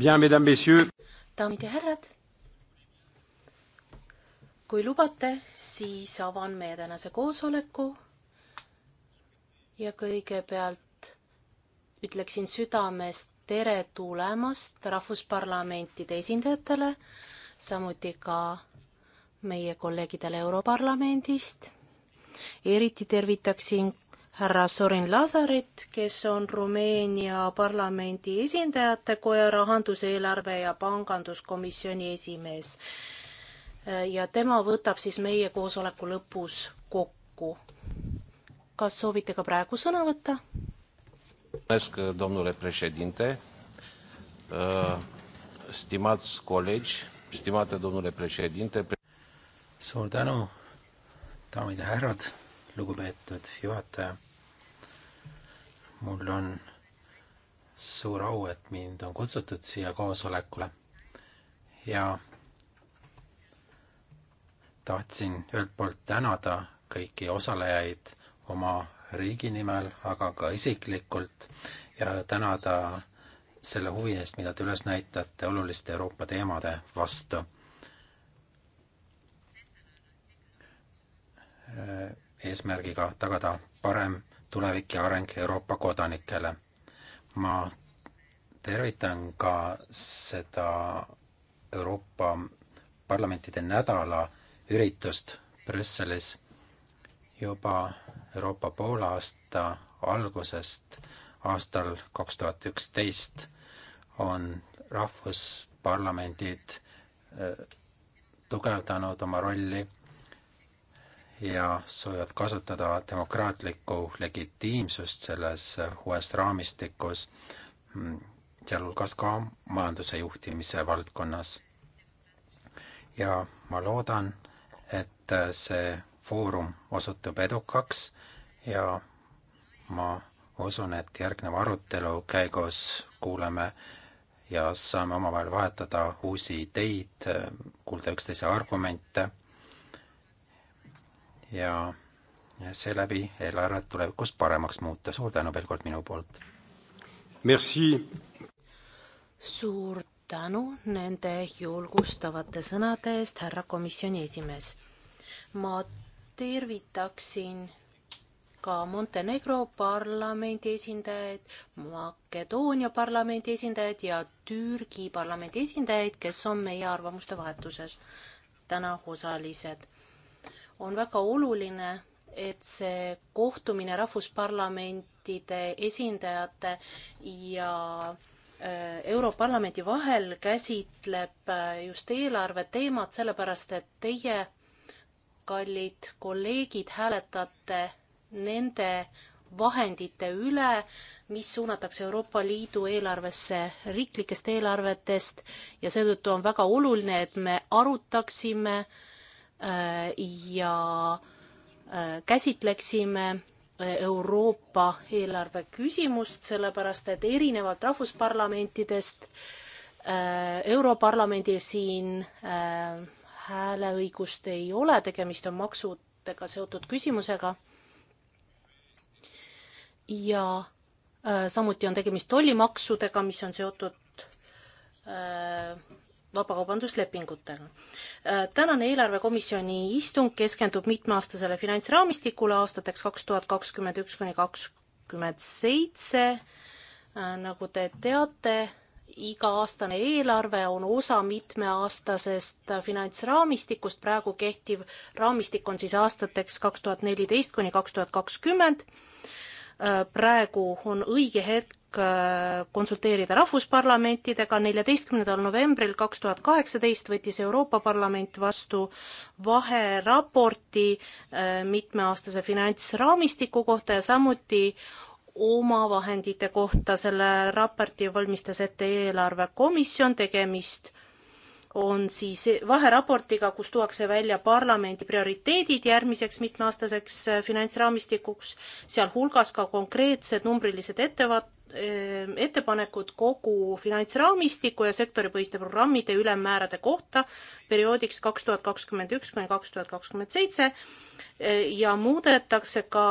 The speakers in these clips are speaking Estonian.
daamid ja härrad, kui lubate, siis avan meie tänase koosoleku ja kõigepealt ütleksin südamest tere tulemast rahvusparlamentide esindajatele, samuti ka meie kolleegidele Europarlamendist. eriti tervitaksin härra Sorin Lazarit, kes on Rumeenia parlamendi esindajate koja rahanduseelarve ja panganduskomisjoni esimees. ja tema võtab siis meie koosoleku lõpus kokku. kas soovite ka praegu sõna võtta? domnule președinte, stimați colegi, stimate domnule președinte. suur tänu, daamid ja härrad lugupeetud juhataja. mul on suur au, et mind on kutsutud siia koosolekule ja tahtsin ühelt poolt tänada kõiki osalejaid oma riigi nimel, aga ka isiklikult ja tänada selle huvi eest, mida te üles näitate oluliste Euroopa teemade vastu eesmärgiga tagada parem tulevik ja areng Euroopa kodanikele. ma tervitan ka seda Euroopa parlamentide nädala üritust Brüsselis juba Euroopa poolaasta algusest aastal kaks tuhat üksteist on rahvusparlamendid äh, tugevdanud oma rolli ja soovivad kasutada demokraatlikku legitiimsust selles uues raamistikus, mm, sealhulgas ka majanduse juhtimise valdkonnas. ja ma loodan, et see foorum osutub edukaks ja ma usun, et järgneva arutelu käigus kuuleme ja saame omavahel vahetada uusi ideid, kuulda üksteise argumente ja seeläbi eelarvet tulevikus paremaks muuta. suur tänu veel kord minu poolt. Merci. suur tänu nende julgustavate sõnade eest, härra komisjoni esimees. ma tervitaksin ka Montenegro parlamendi esindajaid, Makedoonia parlamendi esindajaid ja Türgi parlamendi esindajaid, kes on meie arvamuste vahetuses täna osalised on väga oluline, et see kohtumine rahvusparlamentide esindajate ja äh, Europarlamendi vahel käsitleb äh, just eelarve teemat, sellepärast et teie, kallid kolleegid, hääletate nende vahendite üle, mis suunatakse Euroopa Liidu eelarvesse riiklikest eelarvetest ja seetõttu on väga oluline, et me arutaksime äh, ja äh, käsitleksime äh, Euroopa eelarve küsimust, sellepärast et erinevalt rahvusparlamentidest äh, Europarlamendil siin hääleõigust ei ole, tegemist on maksudega seotud küsimusega. ja samuti on tegemist tollimaksudega, mis on seotud vabakaubanduslepingutel. Äh, tänane eelarvekomisjoni istung keskendub mitmeaastasele finantsraamistikule aastateks kaks tuhat kakskümmend üks kuni kakskümmend seitse. Äh, nagu te teate, iga-aastane eelarve on osa mitmeaastasest finantsraamistikust, praegu kehtiv raamistik on siis aastateks kaks tuhat neliteist kuni kaks tuhat kakskümmend. Äh, praegu on õige hetk Äh, konsulteerida rahvusparlamentidega, neljateistkümnendal novembril kaks tuhat kaheksateist võttis Euroopa Parlament vastu vaheraporti äh, mitmeaastase finantsraamistiku kohta ja samuti omavahendite kohta selle raporti valmistas ette eelarvekomisjon, tegemist on siis vaheraportiga, kus tuuakse välja parlamendi prioriteedid järgmiseks mitmeaastaseks äh, finantsraamistikuks, sealhulgas ka konkreetsed numbrilised ettevaat-, Ehm, ettepanekud kogu finantsraamistiku ja sektoripõhiste programmide ülemmäärade kohta perioodiks kaks tuhat kakskümmend üks kuni kaks tuhat kakskümmend seitse ehm, ja muudetakse ka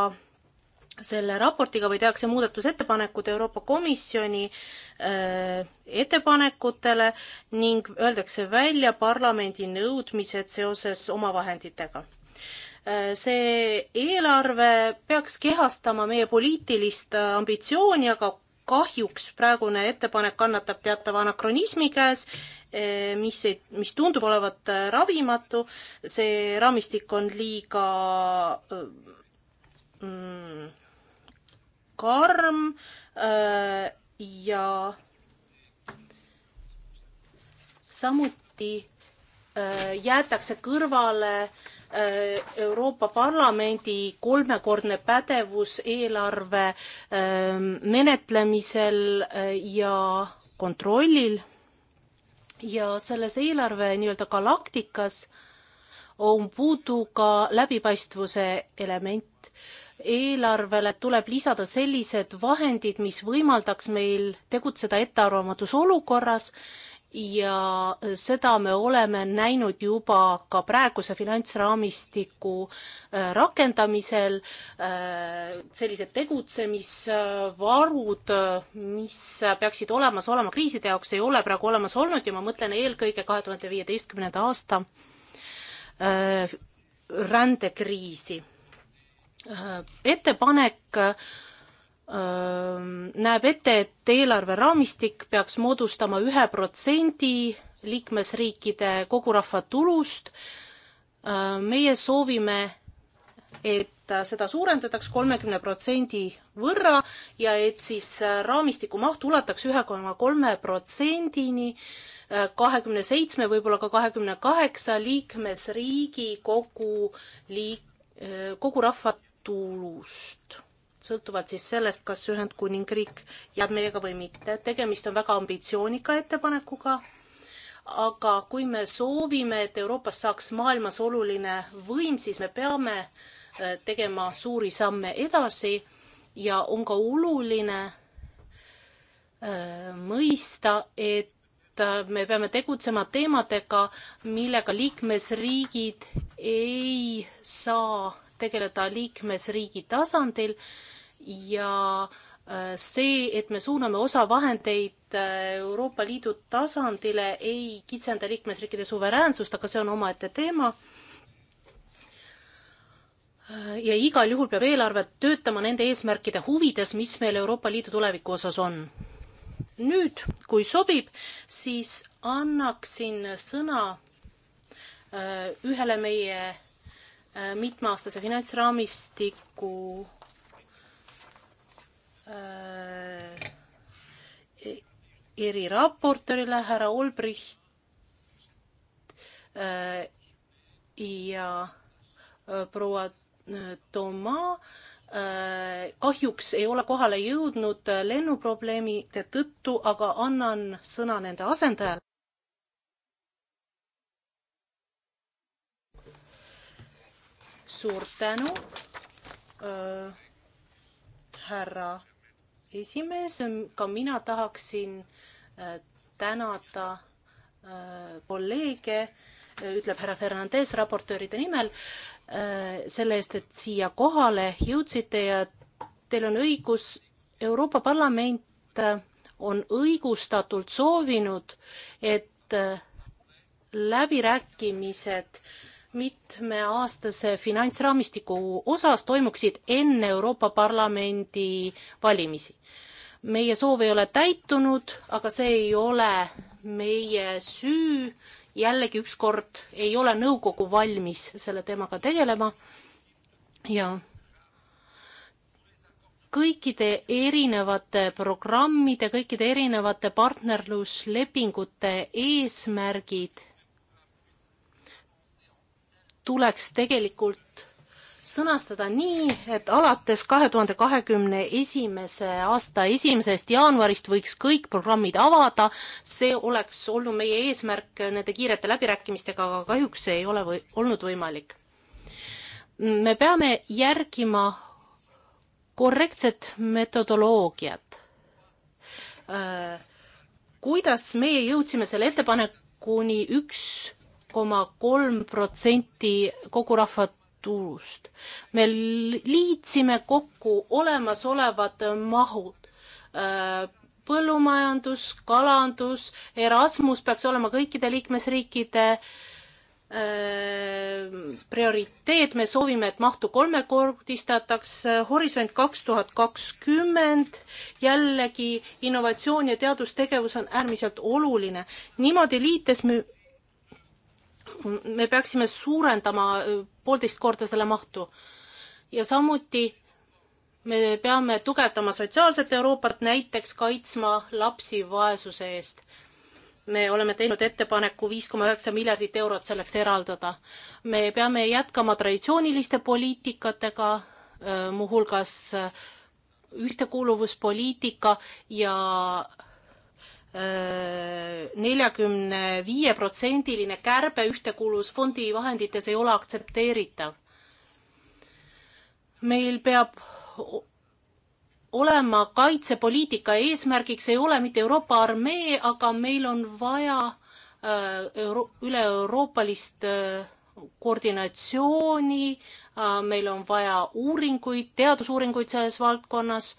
selle raportiga või tehakse muudatusettepanekud Euroopa Komisjoni ehm, ettepanekutele ning öeldakse välja parlamendi nõudmised seoses omavahenditega see eelarve peaks kehastama meie poliitilist ambitsiooni, aga kahjuks praegune ettepanek kannatab teatava anakronismi käes, eh, mis ei, mis tundub olevat eh, ravimatu, see raamistik on liiga eh, mm, karm ja samuti Äh, jäetakse kõrvale äh, Euroopa Parlamendi kolmekordne pädevus eelarve ähm, menetlemisel äh, ja kontrollil ja selles eelarve nii-öelda galaktikas on puudu ka läbipaistvuse element. eelarvele tuleb lisada sellised vahendid, mis võimaldaks meil tegutseda ettearvamatus olukorras ja e, seda me oleme näinud juba ka praeguse finantsraamistiku e, rakendamisel, e, sellised tegutsemisvarud, mis peaksid olemas olema kriiside jaoks, ei ole praegu olemas olnud ja ma mõtlen eelkõige kahe tuhande viieteistkümnenda aasta rändekriisi. ettepanek näeb ette, et eelarveraamistik peaks moodustama ühe protsendi liikmesriikide kogurahvatulust. meie soovime, et seda suurendataks kolmekümne protsendi võrra ja et siis raamistiku maht ulataks ühe koma kolme protsendini kahekümne seitsme, võib-olla ka kahekümne kaheksa liikmesriigi kogu liik-, kogu rahvatulust sõltuvad siis sellest, kas Ühendkuningriik jääb meiega või mitte. tegemist on väga ambitsioonika ettepanekuga, aga kui me soovime, et Euroopast saaks maailmas oluline võim, siis me peame äh, tegema suuri samme edasi ja on ka oluline äh, mõista, et äh, me peame tegutsema teemadega, millega liikmesriigid ei saa tegeleda liikmesriigi tasandil ja äh, see, et me suuname osa vahendeid äh, Euroopa Liidu tasandile, ei kitsenda liikmesriikide suveräänsust, aga see on omaette teema. Äh, ja igal juhul peab eelarve töötama nende eesmärkide huvides, mis meil Euroopa Liidu tuleviku osas on. nüüd, kui sobib, siis annaksin sõna ühele meie mitmeaastase finantsraamistiku äh, e-, eriraportörile härra Olbricht äh, ja äh, proua äh, Toma äh, kahjuks ei ole kohale jõudnud äh, lennuprobleemide tõttu, aga annan sõna nende asendajale. suur tänu äh,, härra esimees, ka mina tahaksin äh, tänada äh, kolleege, äh, ütleb härra Fernandes raportööride nimel, selle eest, et siia kohale jõudsite ja teil on õigus, Euroopa Parlament on õigustatult soovinud, et läbirääkimised äh, mitmeaastase finantsraamistiku osas toimuksid enne Euroopa Parlamendi valimisi. meie soov ei ole täitunud, aga see ei ole meie süü, jällegi ükskord ei ole nõukogu valmis selle teemaga tegelema ja kõikide erinevate programmide, kõikide erinevate partnerluslepingute eesmärgid tuleks tegelikult sõnastada nii, et alates kahe tuhande kahekümne esimese aasta esimesest jaanuarist võiks kõik programmid avada, see oleks olnud meie eesmärk nende kiirete läbirääkimistega, aga kahjuks see ei ole või, olnud võimalik. me peame järgima korrektset metodoloogiat. Äh, kuidas meie jõudsime selle ettepanekuni üks koma kolm protsenti kogu rahva tulust. me liitsime kokku olemasolevad mahud äh, põllumajandus, kalandus, Erasmus peaks olema kõikide liikmesriikide äh, prioriteet, me soovime, et mahtu kolmekordistataks, Horisont kaks tuhat kakskümmend, jällegi innovatsioon ja teadustegevus on äärmiselt oluline. niimoodi liites me me peaksime suurendama äh, poolteist korda selle mahtu. ja samuti me peame tugevdama sotsiaalset Euroopat, näiteks kaitsma lapsi vaesuse eest. me oleme teinud ettepaneku viis koma üheksa miljardit eurot selleks eraldada. me peame jätkama traditsiooniliste poliitikatega, äh, muuhulgas äh, ühtekuuluvuspoliitika ja neljakümne viie protsendiline kärbe ühtekuuluvusfondi vahendites ei ole aktsepteeritav. meil peab olema kaitsepoliitika eesmärgiks ei ole mitte Euroopa armee, aga meil on vaja äh, euro-, üle-euroopalist äh, koordinatsiooni, äh, meil on vaja uuringuid, teadusuuringuid selles valdkonnas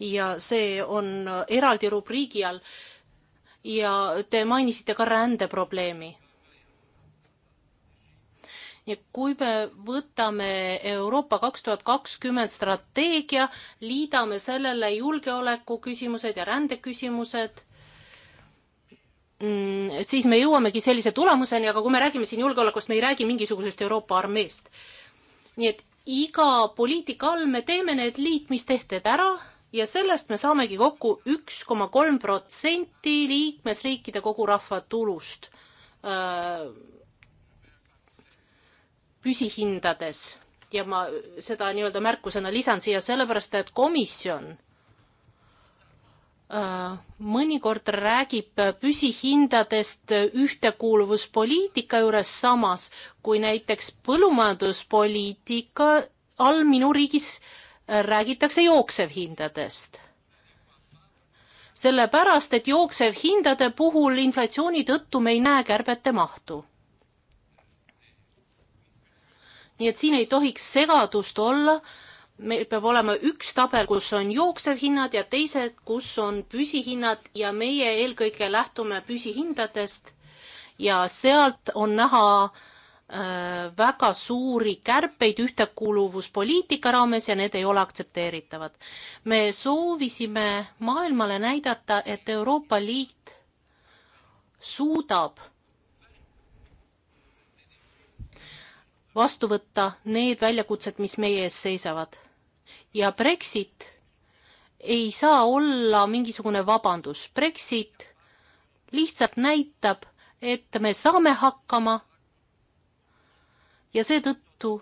ja see on eraldi rubriigi all. ja te mainisite ka rändeprobleemi. ja kui me võtame Euroopa kaks tuhat kakskümmend strateegia, liidame sellele julgeoleku küsimused ja rändeküsimused Mm, siis me jõuamegi sellise tulemuseni, aga kui me räägime siin julgeolekust, me ei räägi mingisugusest Euroopa armeest. nii et iga poliitika all me teeme need liitmistehted ära ja sellest me saamegi kokku üks koma kolm protsenti liikmesriikide kogu rahvatulust äh, püsihindades ja ma seda nii-öelda märkusena lisan siia sellepärast, et komisjon äh, mõnikord räägib püsihindadest ühtekuuluvuspoliitika juures samas, kui näiteks põllumajanduspoliitika all minu riigis äh, räägitakse jooksevhindadest. sellepärast, et jooksevhindade puhul inflatsiooni tõttu me ei näe kärbete mahtu. nii et siin ei tohiks segadust olla, meil peab olema üks tabel, kus on jooksevhinnad ja teised, kus on püsihinnad ja meie eelkõige lähtume püsihindadest ja sealt on näha äh, Äh, väga suuri kärpeid ühtekuuluvuspoliitika raames ja need ei ole aktsepteeritavad. me soovisime maailmale näidata, et Euroopa Liit suudab vastu võtta need väljakutsed, mis meie ees seisavad. ja Brexit ei saa olla mingisugune vabandus. Brexit lihtsalt näitab, et me saame hakkama ja seetõttu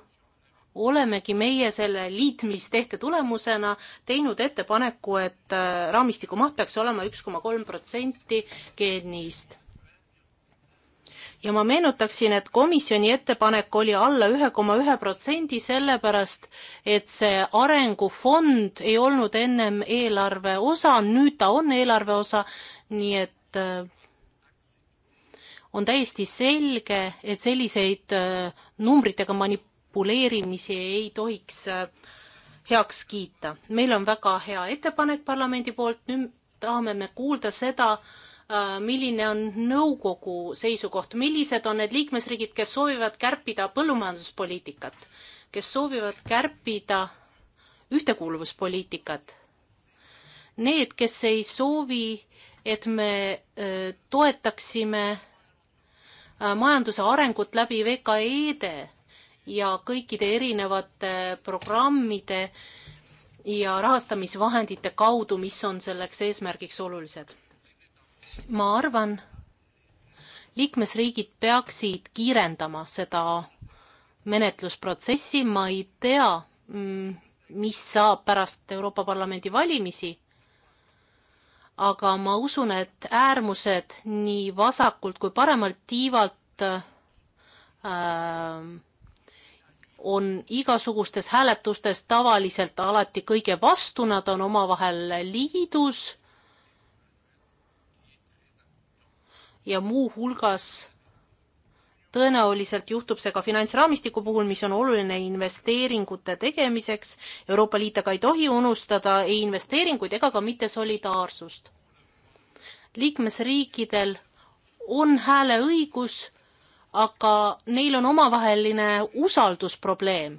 olemegi meie selle liitmistehte tulemusena teinud ettepaneku, et äh, raamistiku maht peaks olema üks koma kolm protsenti geenist. ja ma meenutaksin, et komisjoni ettepanek oli alla ühe koma ühe protsendi, sellepärast et see arengufond ei olnud ennem eelarve osa, nüüd ta on eelarve osa, nii et äh, on täiesti selge, et selliseid äh, numbritega manipuleerimisi ei tohiks äh, heaks kiita. meil on väga hea ettepanek parlamendi poolt, nüüd tahame me kuulda seda, äh, milline on nõukogu seisukoht, millised on need liikmesriigid, kes soovivad kärpida põllumajanduspoliitikat, kes soovivad kärpida ühtekuuluvuspoliitikat. Need, kes ei soovi, et me toetaksime Äh, majanduse arengut läbi VKE-de ja kõikide erinevate programmide ja rahastamisvahendite kaudu, mis on selleks eesmärgiks olulised. ma arvan, liikmesriigid peaksid kiirendama seda menetlusprotsessi, ma ei tea, mm, mis saab pärast Euroopa Parlamendi valimisi aga ma usun, et äärmused nii vasakult kui paremalt tiivalt äh, on igasugustes hääletustes tavaliselt alati kõige vastu, nad on omavahel liidus ja muuhulgas tõenäoliselt juhtub see ka finantsraamistiku puhul, mis on oluline investeeringute tegemiseks. Euroopa Liit aga ei tohi unustada ei investeeringuid ega ka mitte solidaarsust. liikmesriikidel on hääleõigus, aga neil on omavaheline usaldusprobleem.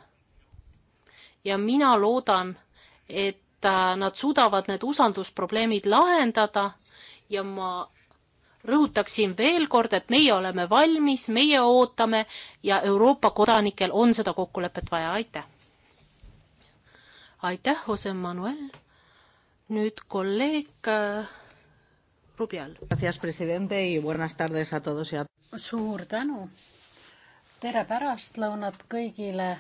ja mina loodan, et nad suudavad need usaldusprobleemid lahendada ja ma rõhutaksin veel kord, et meie oleme valmis, meie ootame ja Euroopa kodanikel on seda kokkulepet vaja, aitäh. aitäh, Jose Manuel. nüüd kolleeg äh, Rubial. suur tänu. tere pärastlõunat kõigile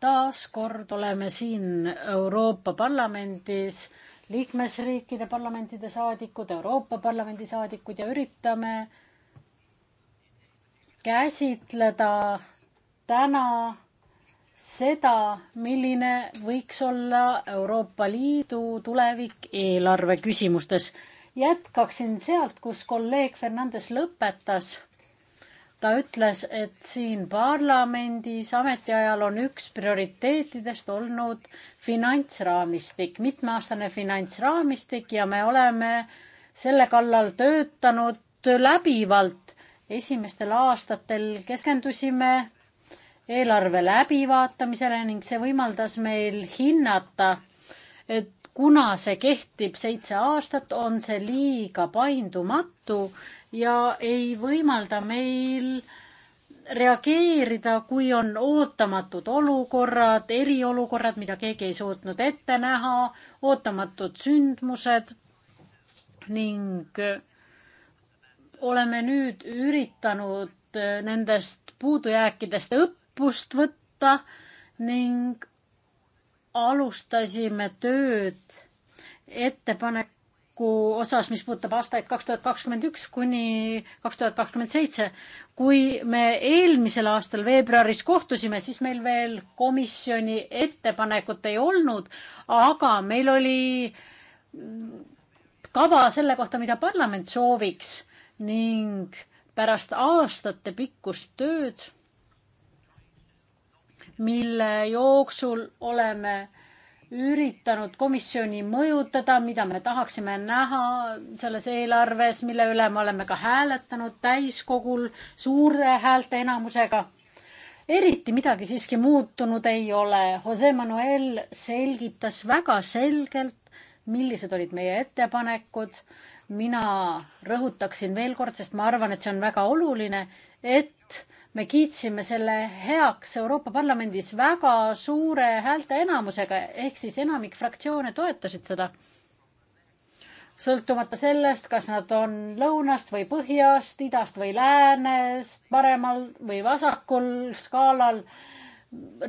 taas kord oleme siin Euroopa Parlamendis liikmesriikide parlamentide saadikud, Euroopa Parlamendi saadikud ja üritame käsitleda täna seda, milline võiks olla Euroopa Liidu tulevik eelarve küsimustes. jätkaksin sealt, kus kolleeg Fernandes lõpetas ta ütles, et siin parlamendis ametiajal on üks prioriteetidest olnud finantsraamistik, mitmeaastane finantsraamistik ja me oleme selle kallal töötanud läbivalt. esimestel aastatel keskendusime eelarve läbivaatamisele ning see võimaldas meil hinnata, et kuna see kehtib seitse aastat, on see liiga paindumatu ja ei võimalda meil reageerida, kui on ootamatud olukorrad, eriolukorrad, mida keegi ei suutnud ette näha, ootamatud sündmused ning oleme nüüd üritanud nendest puudujääkidest õppust võtta ning alustasime tööd ettepaneku osas, mis puudutab aastaid kaks tuhat kakskümmend üks kuni kaks tuhat kakskümmend seitse. kui me eelmisel aastal veebruaris kohtusime, siis meil veel komisjoni ettepanekut ei olnud, aga meil oli kava selle kohta, mida parlament sooviks ning pärast aastatepikkust tööd mille jooksul oleme üritanud komisjoni mõjutada, mida me tahaksime näha selles eelarves, mille üle me oleme ka hääletanud täiskogul suure häälte enamusega. eriti midagi siiski muutunud ei ole. Jose Manuel selgitas väga selgelt, millised olid meie ettepanekud. mina rõhutaksin veel kord, sest ma arvan, et see on väga oluline, et me kiitsime selle heaks Euroopa Parlamendis väga suure häälteenamusega, ehk siis enamik fraktsioone toetasid seda. sõltumata sellest, kas nad on lõunast või põhjast, idast või läänest, paremal või vasakul skaalal,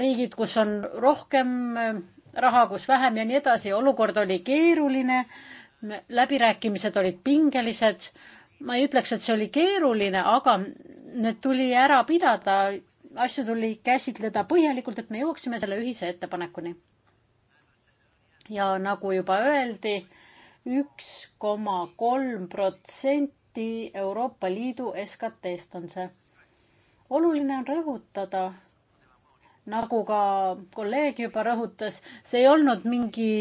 riigid, kus on rohkem äh, raha, kus vähem ja nii edasi, olukord oli keeruline, läbirääkimised olid pingelised ma ei ütleks, et see oli keeruline, aga need tuli ära pidada, asju tuli käsitleda põhjalikult, et me jõuaksime selle ühise ettepanekuni. ja nagu juba öeldi, üks koma kolm protsenti Euroopa Liidu SKT-st on see. oluline on rõhutada, nagu ka kolleeg juba rõhutas, see ei olnud mingi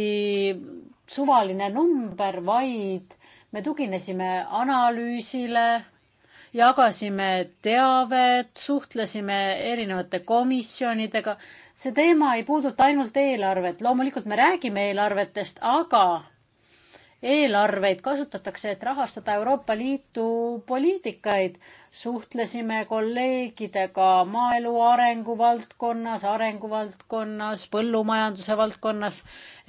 suvaline number, vaid me tuginesime analüüsile jagasime teavet, suhtlesime erinevate komisjonidega. see teema ei puuduta ainult eelarvet, loomulikult me räägime eelarvetest, aga eelarveid kasutatakse, et rahastada Euroopa Liidu poliitikaid. suhtlesime kolleegidega maaelu arengu valdkonnas, arengu valdkonnas, põllumajanduse valdkonnas,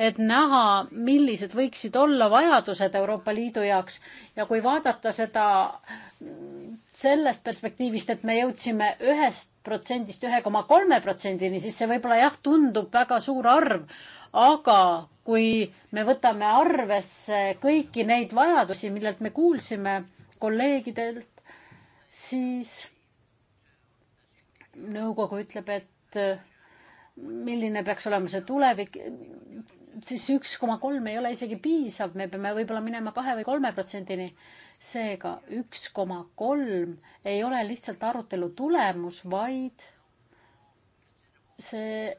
et näha, millised võiksid olla vajadused Euroopa Liidu jaoks ja kui vaadata seda sellest perspektiivist, et me jõudsime ühest protsendist ühe koma kolme protsendini, siis see võib-olla jah, tundub väga suur arv, aga kui me võtame arvesse kõiki neid vajadusi, millelt me kuulsime kolleegidelt, siis nõukogu ütleb, et äh, milline peaks olema see tulevik, siis üks koma kolm ei ole isegi piisav, me peame võib-olla minema kahe või kolme protsendini. seega üks koma kolm ei ole lihtsalt arutelu tulemus, vaid see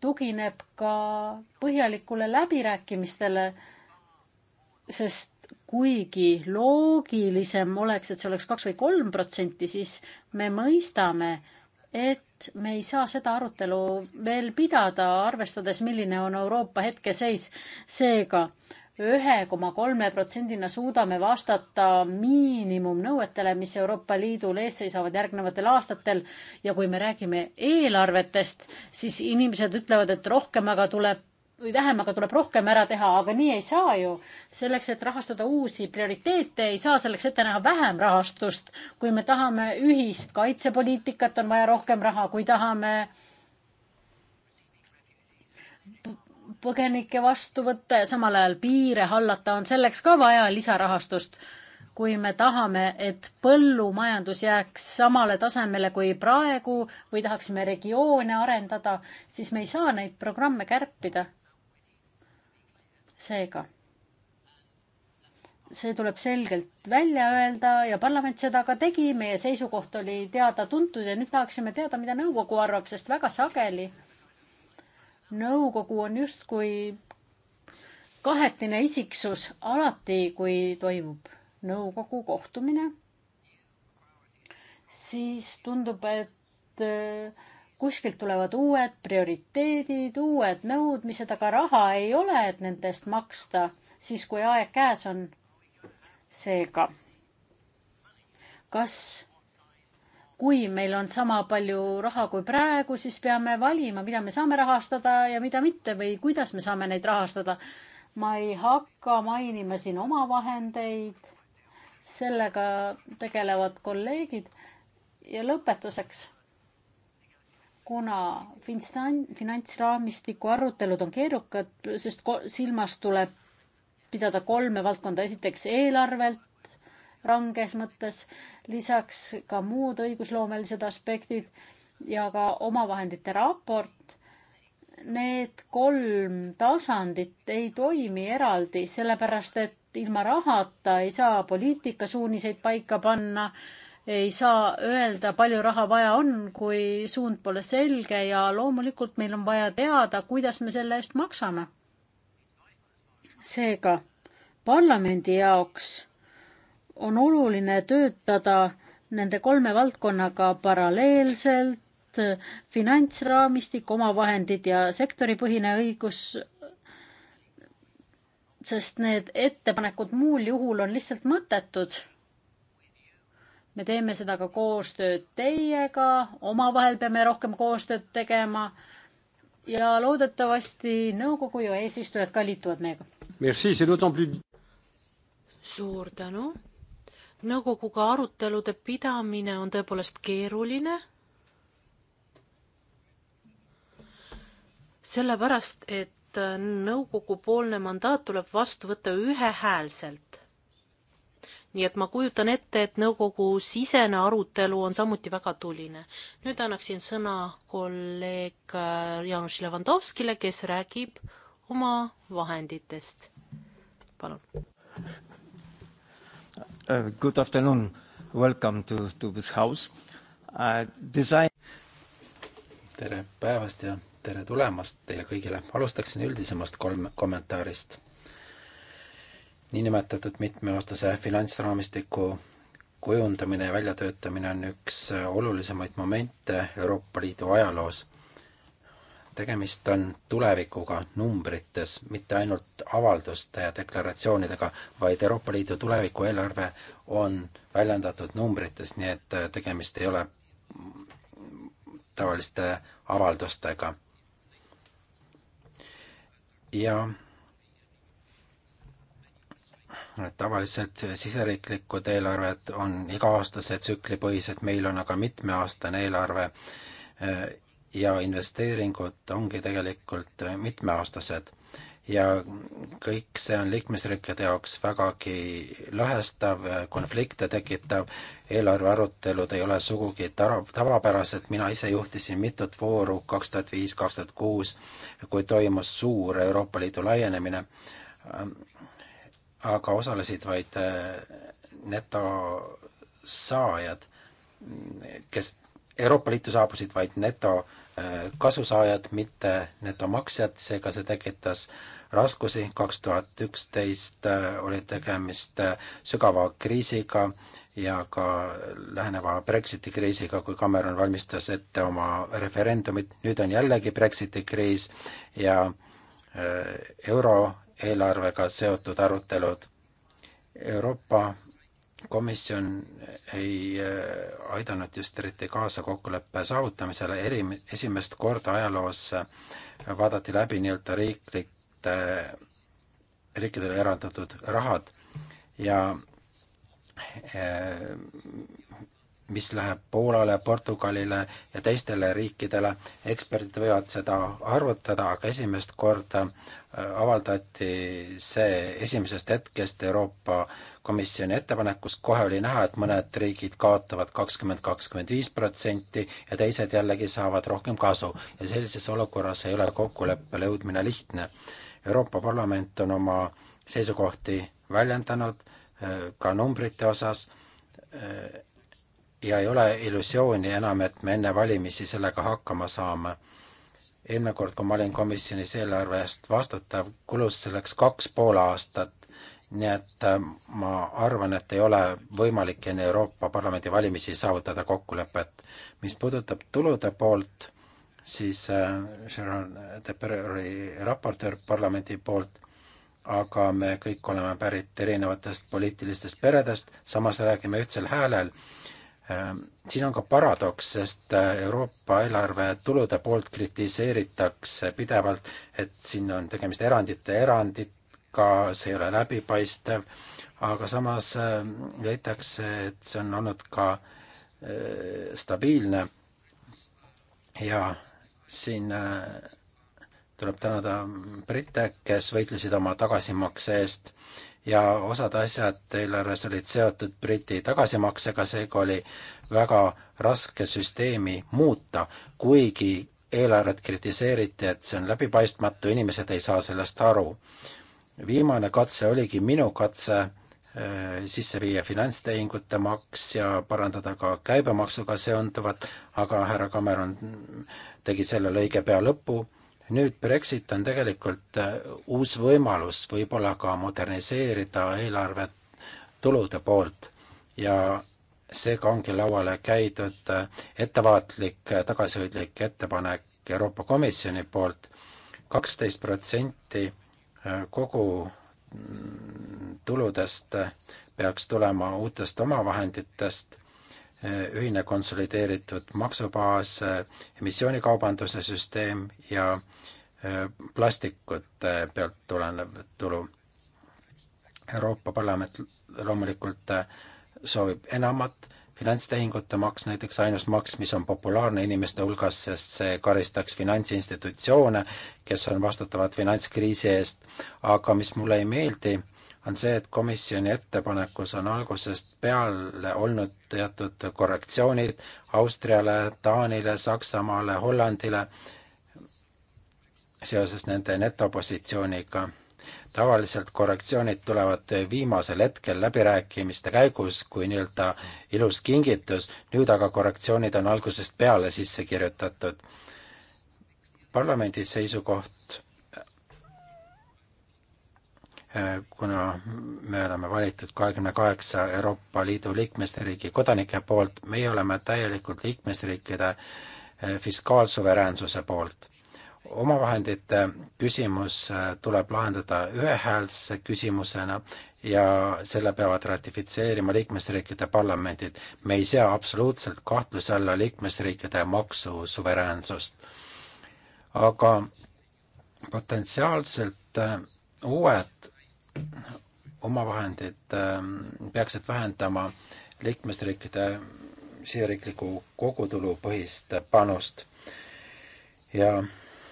tugineb ka põhjalikule läbirääkimistele, sest kuigi loogilisem oleks, et see oleks kaks või kolm protsenti, siis me mõistame, et me ei saa seda arutelu veel pidada, arvestades, milline on Euroopa hetkeseis. seega ühe koma kolme protsendina suudame vastata miinimumnõuetele, mis Euroopa Liidul ees seisavad järgnevatel aastatel. ja kui me räägime eelarvetest, siis inimesed ütlevad, et rohkem aga tuleb või vähem, aga tuleb rohkem ära teha, aga nii ei saa ju. selleks, et rahastada uusi prioriteete, ei saa selleks ette näha vähem rahastust. kui me tahame ühist kaitsepoliitikat, on vaja rohkem raha, kui tahame äh, põgenikke vastu võtta ja samal ajal piire hallata, on selleks ka vaja lisarahastust. kui me tahame, et põllumajandus jääks samale tasemele kui praegu või tahaksime regioone arendada, siis me ei saa neid programme kärpida. seega, see tuleb selgelt välja öelda ja parlament seda ka tegi, meie seisukoht oli teada-tuntud ja nüüd tahaksime teada, mida nõukogu arvab, sest väga sageli nõukogu on justkui kahetine isiksus alati, kui toimub nõukogu kohtumine, siis tundub, et äh, kuskilt tulevad uued prioriteedid, uued nõudmised, aga raha ei ole, et nende eest maksta siis, kui aeg käes on. seega, kas kui meil on sama palju raha kui praegu, siis peame valima, mida me saame rahastada ja mida mitte või kuidas me saame neid rahastada. ma ei hakka mainima siin omavahendeid, sellega tegelevad kolleegid. ja lõpetuseks, kuna finantsraamistiku arutelud on keerukad, sest silmas tuleb pidada kolme valdkonda, esiteks eelarvelt, ranges mõttes, lisaks ka muud õigusloomelised aspektid ja ka omavahendite raport. Need kolm tasandit ei toimi eraldi, sellepärast et ilma rahata ei saa poliitikasuuniseid paika panna, ei saa öelda, palju raha vaja on, kui suund pole selge ja loomulikult meil on vaja teada, kuidas me selle eest maksame. seega parlamendi jaoks on oluline töötada nende kolme valdkonnaga paralleelselt, finantsraamistik, omavahendid ja sektoripõhine õigus, sest need ettepanekud muul juhul on lihtsalt mõttetud. me teeme seda ka koostööd teiega, omavahel peame rohkem koostööd tegema ja loodetavasti nõukogu ja eesistujad ka liituvad meiega. suur tänu nõukoguga arutelude pidamine on tõepoolest keeruline, sellepärast et nõukogupoolne mandaat tuleb vastu võtta ühehäälselt. nii et ma kujutan ette, et nõukogu sisene arutelu on samuti väga tuline. nüüd annaksin sõna kolleeg Jaanus Levandovskile, kes räägib oma vahenditest. palun Uh, good afternoon. Welcome to, to this house uh,. Design. tere päevast ja tere tulemast teile kõigile. alustaksin üldisemast kolm kommentaarist. niinimetatud mitmeaastase finantsraamistiku kujundamine ja väljatöötamine on üks äh, olulisemaid momente Euroopa Liidu ajaloos tegemist on tulevikuga numbrites, mitte ainult avalduste ja deklaratsioonidega, vaid Euroopa Liidu tuleviku eelarve on väljendatud numbrites, nii et äh, tegemist ei ole tavaliste avaldustega. ja tavaliselt siseriiklikud eelarved on iga-aastase tsükli põhised, meil on aga mitmeaastane eelarve äh, ja investeeringud ongi tegelikult mitmeaastased ja kõik see on liikmesriikide jaoks vägagi lõhestav, konflikte tekitav, eelarve arutelud ei ole sugugi tara-, tavapärased, mina ise juhtisin mitut vooru kaks tuhat viis, kaks tuhat kuus, kui toimus suur Euroopa Liidu laienemine, aga osalesid vaid äh, netosaajad, kes Euroopa Liitu saabusid vaid neto kasusaajad, mitte netomaksjad, seega see tekitas raskusi, kaks tuhat üksteist äh, oli tegemist äh, sügava kriisiga ja ka läheneva Brexiti kriisiga, kui Cameron valmistas ette oma referendumit, nüüd on jällegi Brexiti kriis ja äh, euro eelarvega seotud arutelud. Euroopa komisjon ei äh, aidanud just eriti kaasa kokkuleppe saavutamisele, eri, esimest korda ajaloos äh, vaadati läbi nii-öelda riiklite, riikidele eraldatud rahad ja äh, mis läheb Poolale, Portugalile ja teistele riikidele. eksperdid võivad seda arvutada, aga esimest korda äh, avaldati see esimesest hetkest Euroopa Komisjoni ettepanekus, kohe oli näha, et mõned riigid kaotavad kakskümmend, kakskümmend viis protsenti ja teised jällegi saavad rohkem kasu. ja sellises olukorras ei ole kokkuleppele jõudmine lihtne. Euroopa Parlament on oma seisukohti väljendanud äh, ka numbrite osas äh, ja ei ole illusiooni enam, et me enne valimisi sellega hakkama saame. eelmine kord, kui ma olin komisjonis eelarve eest vastutav, kulus selleks kaks pool aastat, nii et äh, ma arvan, et ei ole võimalik enne Euroopa Parlamendi valimisi saavutada kokkulepet. mis puudutab tulude poolt, siis äh, Sharon Tepper oli raportöör parlamendi poolt aga me kõik oleme pärit erinevatest poliitilistest peredest, samas räägime ühtsel häälel Ehm, siin on ka paradoks, sest äh, Euroopa eelarve tulude poolt kritiseeritakse pidevalt, et siin on tegemist erandite erandiga, see ei ole läbipaistev, aga samas äh, leitakse, et see on olnud ka äh, stabiilne ja siin tuleb tänada britte, kes võitlesid oma tagasimakse eest ja osad asjad eelarves olid seotud Briti tagasimaksega, seega oli väga raske süsteemi muuta, kuigi eelarvet kritiseeriti, et see on läbipaistmatu, inimesed ei saa sellest aru. viimane katse oligi minu katse äh, sisse viia finantstehingute maks ja parandada ka käibemaksuga seonduvat, aga härra Cameron tegi sellele õige pea lõpu nüüd Brexit on tegelikult äh, uus võimalus võib-olla ka moderniseerida eelarvet tulude poolt ja seega ongi lauale käidud äh, ettevaatlik äh, tagasihoidlik ettepanek Euroopa Komisjoni poolt, kaksteist protsenti kogu mm, tuludest peaks tulema uutest omavahenditest ühine konsolideeritud maksubaas, emissioonikaubanduse süsteem ja äh, plastikute pealt tulenev tulu. Euroopa Parlament loomulikult äh, soovib enamat, finantstehingute maks näiteks ainus maks, mis on populaarne inimeste hulgas, sest see karistaks finantsinstitutsioone, kes on vastutavad finantskriisi eest, aga mis mulle ei meeldi, on see, et komisjoni ettepanekus on algusest peale olnud teatud korrektsioonid Austriale, Taanile, Saksamaale, Hollandile seoses nende netopositsiooniga. tavaliselt korrektsioonid tulevad viimasel hetkel läbirääkimiste käigus kui nii-öelda ilus kingitus, nüüd aga korrektsioonid on algusest peale sisse kirjutatud. parlamendi seisukoht Äh, kuna me oleme valitud kahekümne kaheksa Euroopa Liidu liikmesriigi kodanike poolt, meie oleme täielikult liikmesriikide äh, fiskaalsuveräänsuse poolt omavahendite küsimus äh, tuleb lahendada ühehäälse küsimusena ja selle peavad ratifitseerima liikmesriikide parlamendid. me ei sea absoluutselt kahtluse alla liikmesriikide maksusuveräänsust. aga potentsiaalselt uued omavahendid ähm, peaksid vähendama liikmesriikide siseriikliku kogutulupõhist panust. ja,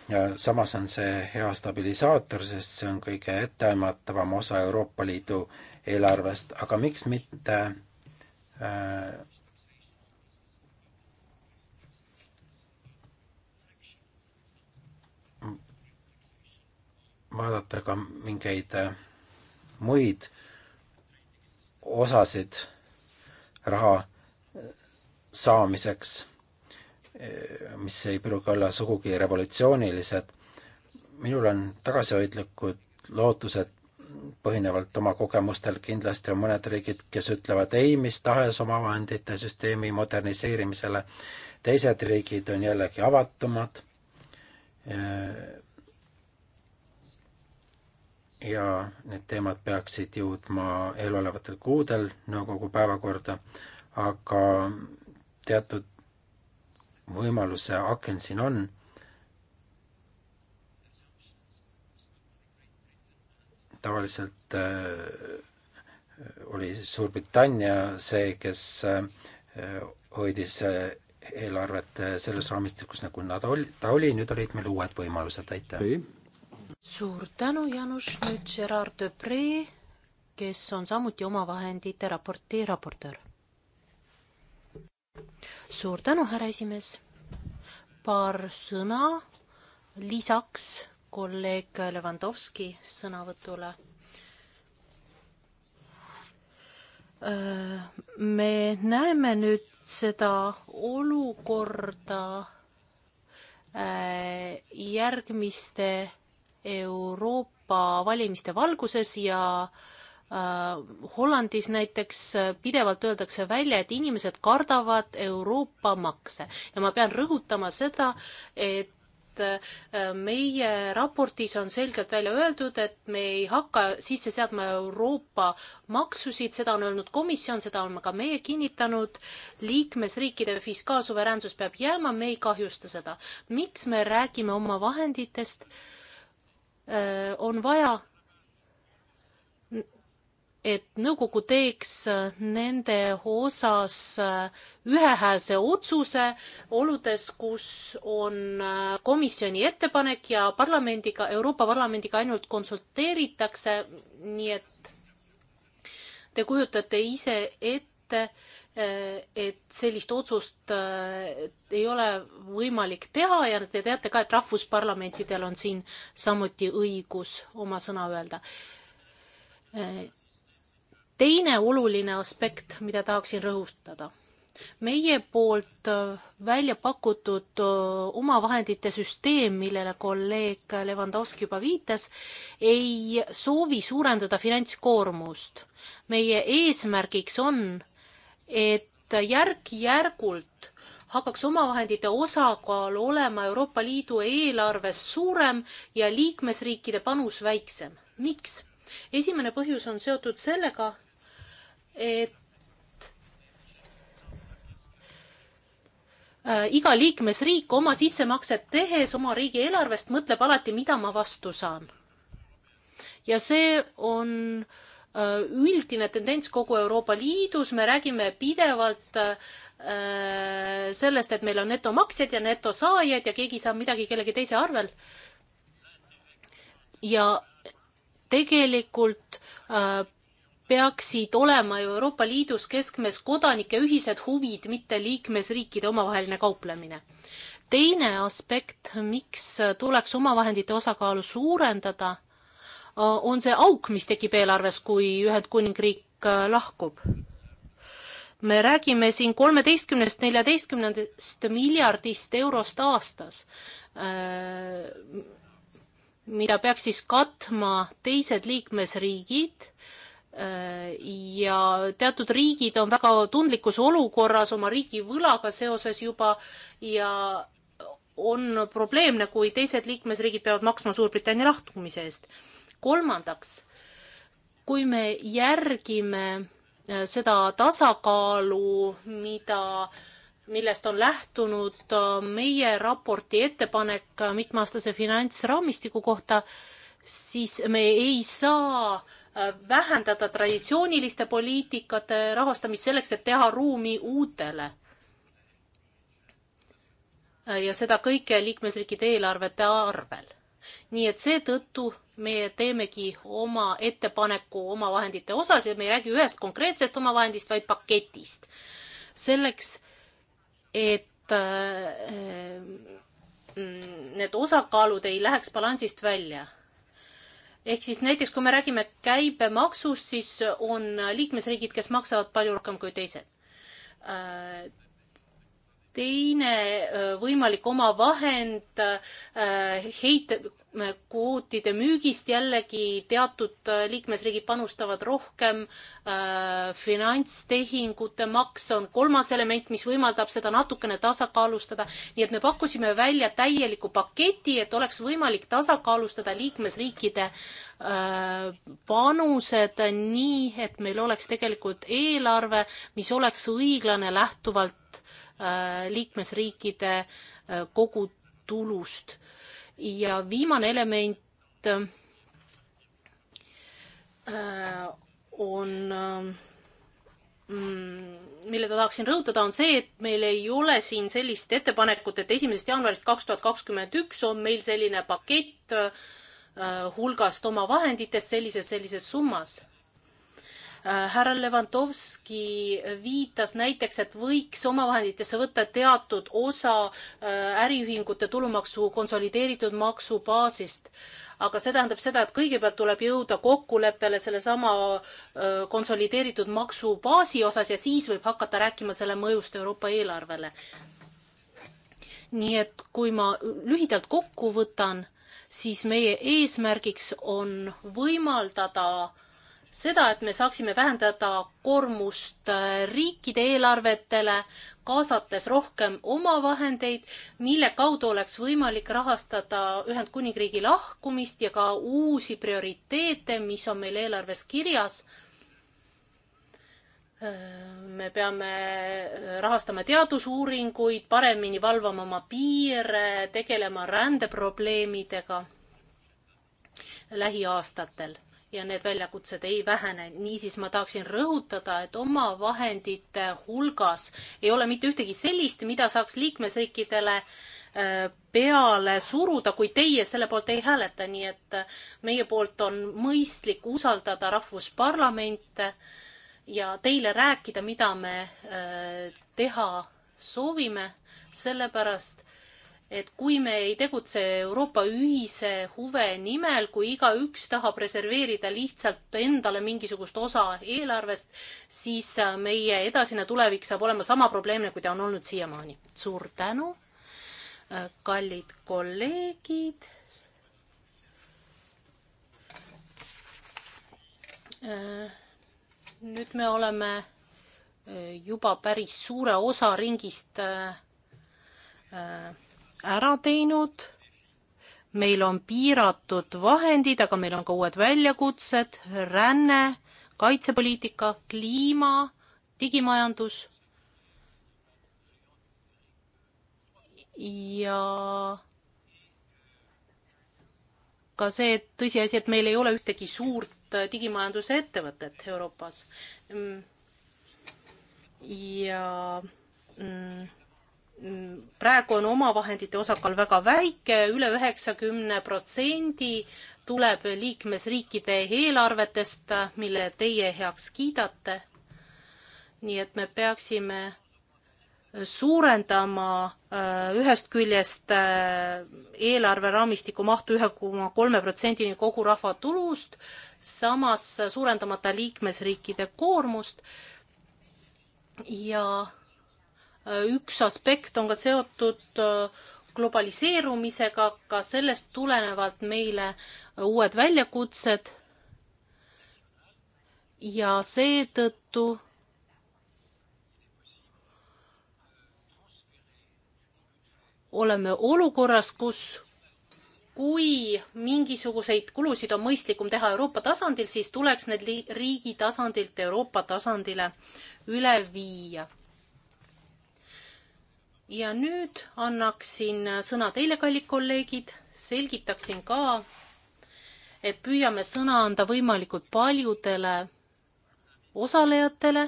ja samas on see hea stabilisaator, sest see on kõige etteaimatavam osa Euroopa Liidu eelarvest, aga miks mitte äh, vaadata ka mingeid äh, muid osasid raha äh, saamiseks, äh, mis ei pruugi olla sugugi revolutsioonilised. minul on tagasihoidlikud lootused põhinevalt oma kogemustel kindlasti on mõned riigid, kes ütlevad ei mis tahes omavahendite süsteemi moderniseerimisele, teised riigid on jällegi avatumad äh, ja need teemad peaksid jõudma eelolevatel kuudel nõukogu päevakorda, aga teatud võimaluse aken siin on. tavaliselt äh, oli Suurbritannia see, kes äh, hoidis äh, eelarvet selles raamistikus, nagu nad ol-, ta oli, nüüd olid meil uued võimalused, aitäh okay suur tänu, Janus, nüüd Gerard Depree, kes on samuti omavahendite raporti raportöör. suur tänu, härra esimees. paar sõna lisaks kolleeg Levandovski sõnavõtule. Äh, me näeme nüüd seda olukorda äh, järgmiste Euroopa valimiste valguses ja äh, Hollandis näiteks äh, pidevalt öeldakse välja, et inimesed kardavad Euroopa makse ja ma pean rõhutama seda, et äh, meie raportis on selgelt välja öeldud, et me ei hakka sisse seadma Euroopa maksusid, seda on öelnud komisjon, seda oleme ka meie kinnitanud. liikmesriikide fiskaalsuveräänsus peab jääma, me ei kahjusta seda. miks me räägime oma vahenditest äh, Äh, on vaja, et nõukogu teeks äh, nende osas äh, ühehäälse otsuse oludes, kus on komisjoni ettepanek ja parlamendiga, Euroopa Parlamendiga ainult konsulteeritakse, nii et te kujutate ise ette, ette, eh, et sellist otsust eh, ei ole võimalik teha ja te teate ka, et rahvusparlamentidel on siin samuti õigus oma sõna öelda. Eh, teine oluline aspekt, mida tahaksin rõhutada meie poolt välja pakutud omavahendite süsteem, millele kolleeg Levandovski juba viitas, ei soovi suurendada finantskoormust. meie eesmärgiks on et järk-järgult hakkaks omavahendite osakaal olema Euroopa Liidu eelarves suurem ja liikmesriikide panus väiksem. miks? esimene põhjus on seotud sellega, et äh, iga liikmesriik oma sissemakset tehes oma riigieelarvest mõtleb alati, mida ma vastu saan. ja see on äh, Äh, üldine tendents kogu Euroopa Liidus, me räägime pidevalt äh, sellest, et meil on netomaksjad ja netosaajad ja keegi saab midagi kellegi teise arvel. ja tegelikult äh, peaksid olema ju Euroopa Liidus keskmes kodanike ühised huvid, mitte liikmesriikide omavaheline kauplemine. teine aspekt, miks tuleks omavahendite osakaalu suurendada Äh, on see auk, mis tekib eelarves, kui Ühendkuningriik äh, lahkub. me räägime siin kolmeteistkümnest, neljateistkümnendast miljardist eurost aastas, äh, mida peaks siis katma teised liikmesriigid ja teatud riigid on väga tundlikus olukorras oma riigi võlaga seoses juba ja on probleemne, kui teised liikmesriigid peavad maksma Suurbritannia lahtumise eest kolmandaks, kui me järgime äh, seda tasakaalu, mida millest on lähtunud äh, meie raporti ettepanek äh, mitmeaastase finantsraamistiku kohta, siis me ei saa vähendada traditsiooniliste poliitikate rahastamist selleks, et teha ruumi uutele. ja seda kõike liikmesriikide eelarvete arvel. nii et seetõttu me teemegi oma ettepaneku omavahendite osas ja me ei räägi ühest konkreetsest omavahendist, vaid paketist. selleks, et äh, mm, need osakaalud ei läheks balansist välja. ehk siis näiteks, kui me räägime käibemaksust, siis on liikmesriigid, kes maksavad palju rohkem kui teised. Äh, teine äh, võimalik omavahend heite, kvootide müügist jällegi teatud äh, liikmesriigid panustavad rohkem äh,, finantstehingute maks on kolmas element, mis võimaldab seda natukene tasakaalustada, nii et me pakkusime välja täieliku paketi, et oleks võimalik tasakaalustada liikmesriikide äh, panused nii, et meil oleks tegelikult eelarve, mis oleks õiglane lähtuvalt äh, liikmesriikide äh, kogutulust ja viimane element äh, on, äh, mm, mille ta tahaksin rõhutada, on see, et meil ei ole siin sellist ettepanekut, et esimesest jaanuarist kaks tuhat kakskümmend üks on meil selline pakett äh, hulgast omavahenditest sellises, sellises summas Äh, härra Levanovski viitas näiteks, et võiks omavahenditesse võtta teatud osa äh, äriühingute tulumaksu konsolideeritud maksubaasist. aga see tähendab seda, et kõigepealt tuleb jõuda kokkuleppele sellesama äh, konsolideeritud maksubaasi osas ja siis võib hakata rääkima selle mõjust Euroopa eelarvele. nii et kui ma lühidalt kokku võtan, siis meie eesmärgiks on võimaldada äh, seda, et me saaksime vähendada koormust äh, riikide eelarvetele, kaasates rohkem omavahendeid, mille kaudu oleks võimalik rahastada Ühendkuningriigi lahkumist ja ka uusi prioriteete, mis on meil eelarves kirjas. Äh, me peame äh, rahastama teadusuuringuid, paremini valvama oma piire, tegelema rändeprobleemidega lähiaastatel ja need väljakutsed ei vähene. niisiis ma tahaksin rõhutada, et omavahendite hulgas ei ole mitte ühtegi sellist, mida saaks liikmesriikidele äh, peale suruda, kui teie selle poolt ei hääleta, nii et äh, meie poolt on mõistlik usaldada rahvusparlamente ja teile rääkida, mida me äh, teha soovime, sellepärast et kui me ei tegutse Euroopa ühise huve nimel, kui igaüks tahab reserveerida lihtsalt endale mingisugust osa eelarvest, siis äh, meie edasine tulevik saab olema sama probleemne, kui ta on olnud siiamaani. suur tänu, äh, kallid kolleegid. Äh, nüüd me oleme juba päris suure osa ringist äh, ära teinud, meil on piiratud vahendid, aga meil on ka uued väljakutsed, ränne, kaitsepoliitika, kliima, digimajandus ja ka see tõsiasi, et meil ei ole ühtegi suurt äh, digimajanduse ettevõtet Euroopas. Mm. ja mm, praegu on omavahendite osakaal väga väike üle, üle üheksakümne protsendi tuleb liikmesriikide eelarvetest, mille teie heaks kiidate. nii et me peaksime suurendama äh, ühest küljest äh, eelarveraamistiku mahtu ühe koma kolme protsendini kogu rahvatulust, samas suurendamata liikmesriikide koormust ja Äh, üks aspekt on ka seotud äh, globaliseerumisega, ka sellest tulenevad meile äh, uued väljakutsed. ja seetõttu oleme olukorras, kus kui mingisuguseid kulusid on mõistlikum teha Euroopa tasandil, siis tuleks need riigi tasandilt Euroopa tasandile üle viia ja nüüd annaksin sõna teile, kallid kolleegid, selgitaksin ka, et püüame sõna anda võimalikult paljudele osalejatele.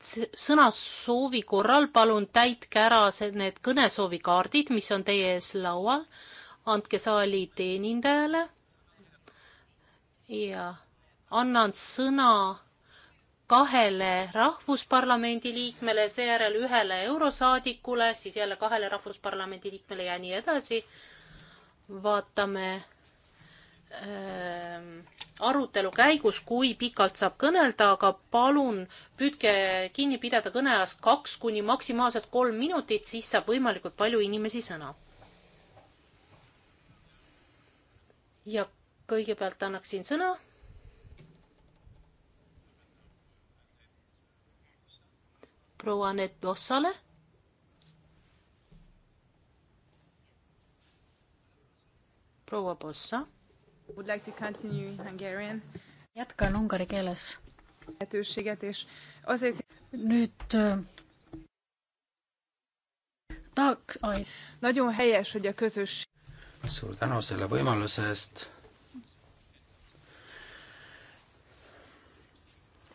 sõnasoovi korral palun täitke ära see, need kõnesoovikaardid, mis on teie ees laual, andke saali teenindajale ja annan sõna kahele rahvusparlamendi liikmele, seejärel ühele eurosaadikule, siis jälle kahele rahvusparlamendi liikmele ja nii edasi. vaatame ähm, arutelu käigus, kui pikalt saab kõnelda, aga palun püüdke kinni pidada kõneajast kaks kuni maksimaalselt kolm minutit, siis saab võimalikult palju inimesi sõna. ja kõigepealt annaksin sõna proua Anett Bossale. proua Bossa. Would like to continue in Hungarian. jätkan ungari keeles. nüüd tahaks, oi. Nagyon helyes, hogy a közös. suur tänu selle võimaluse eest.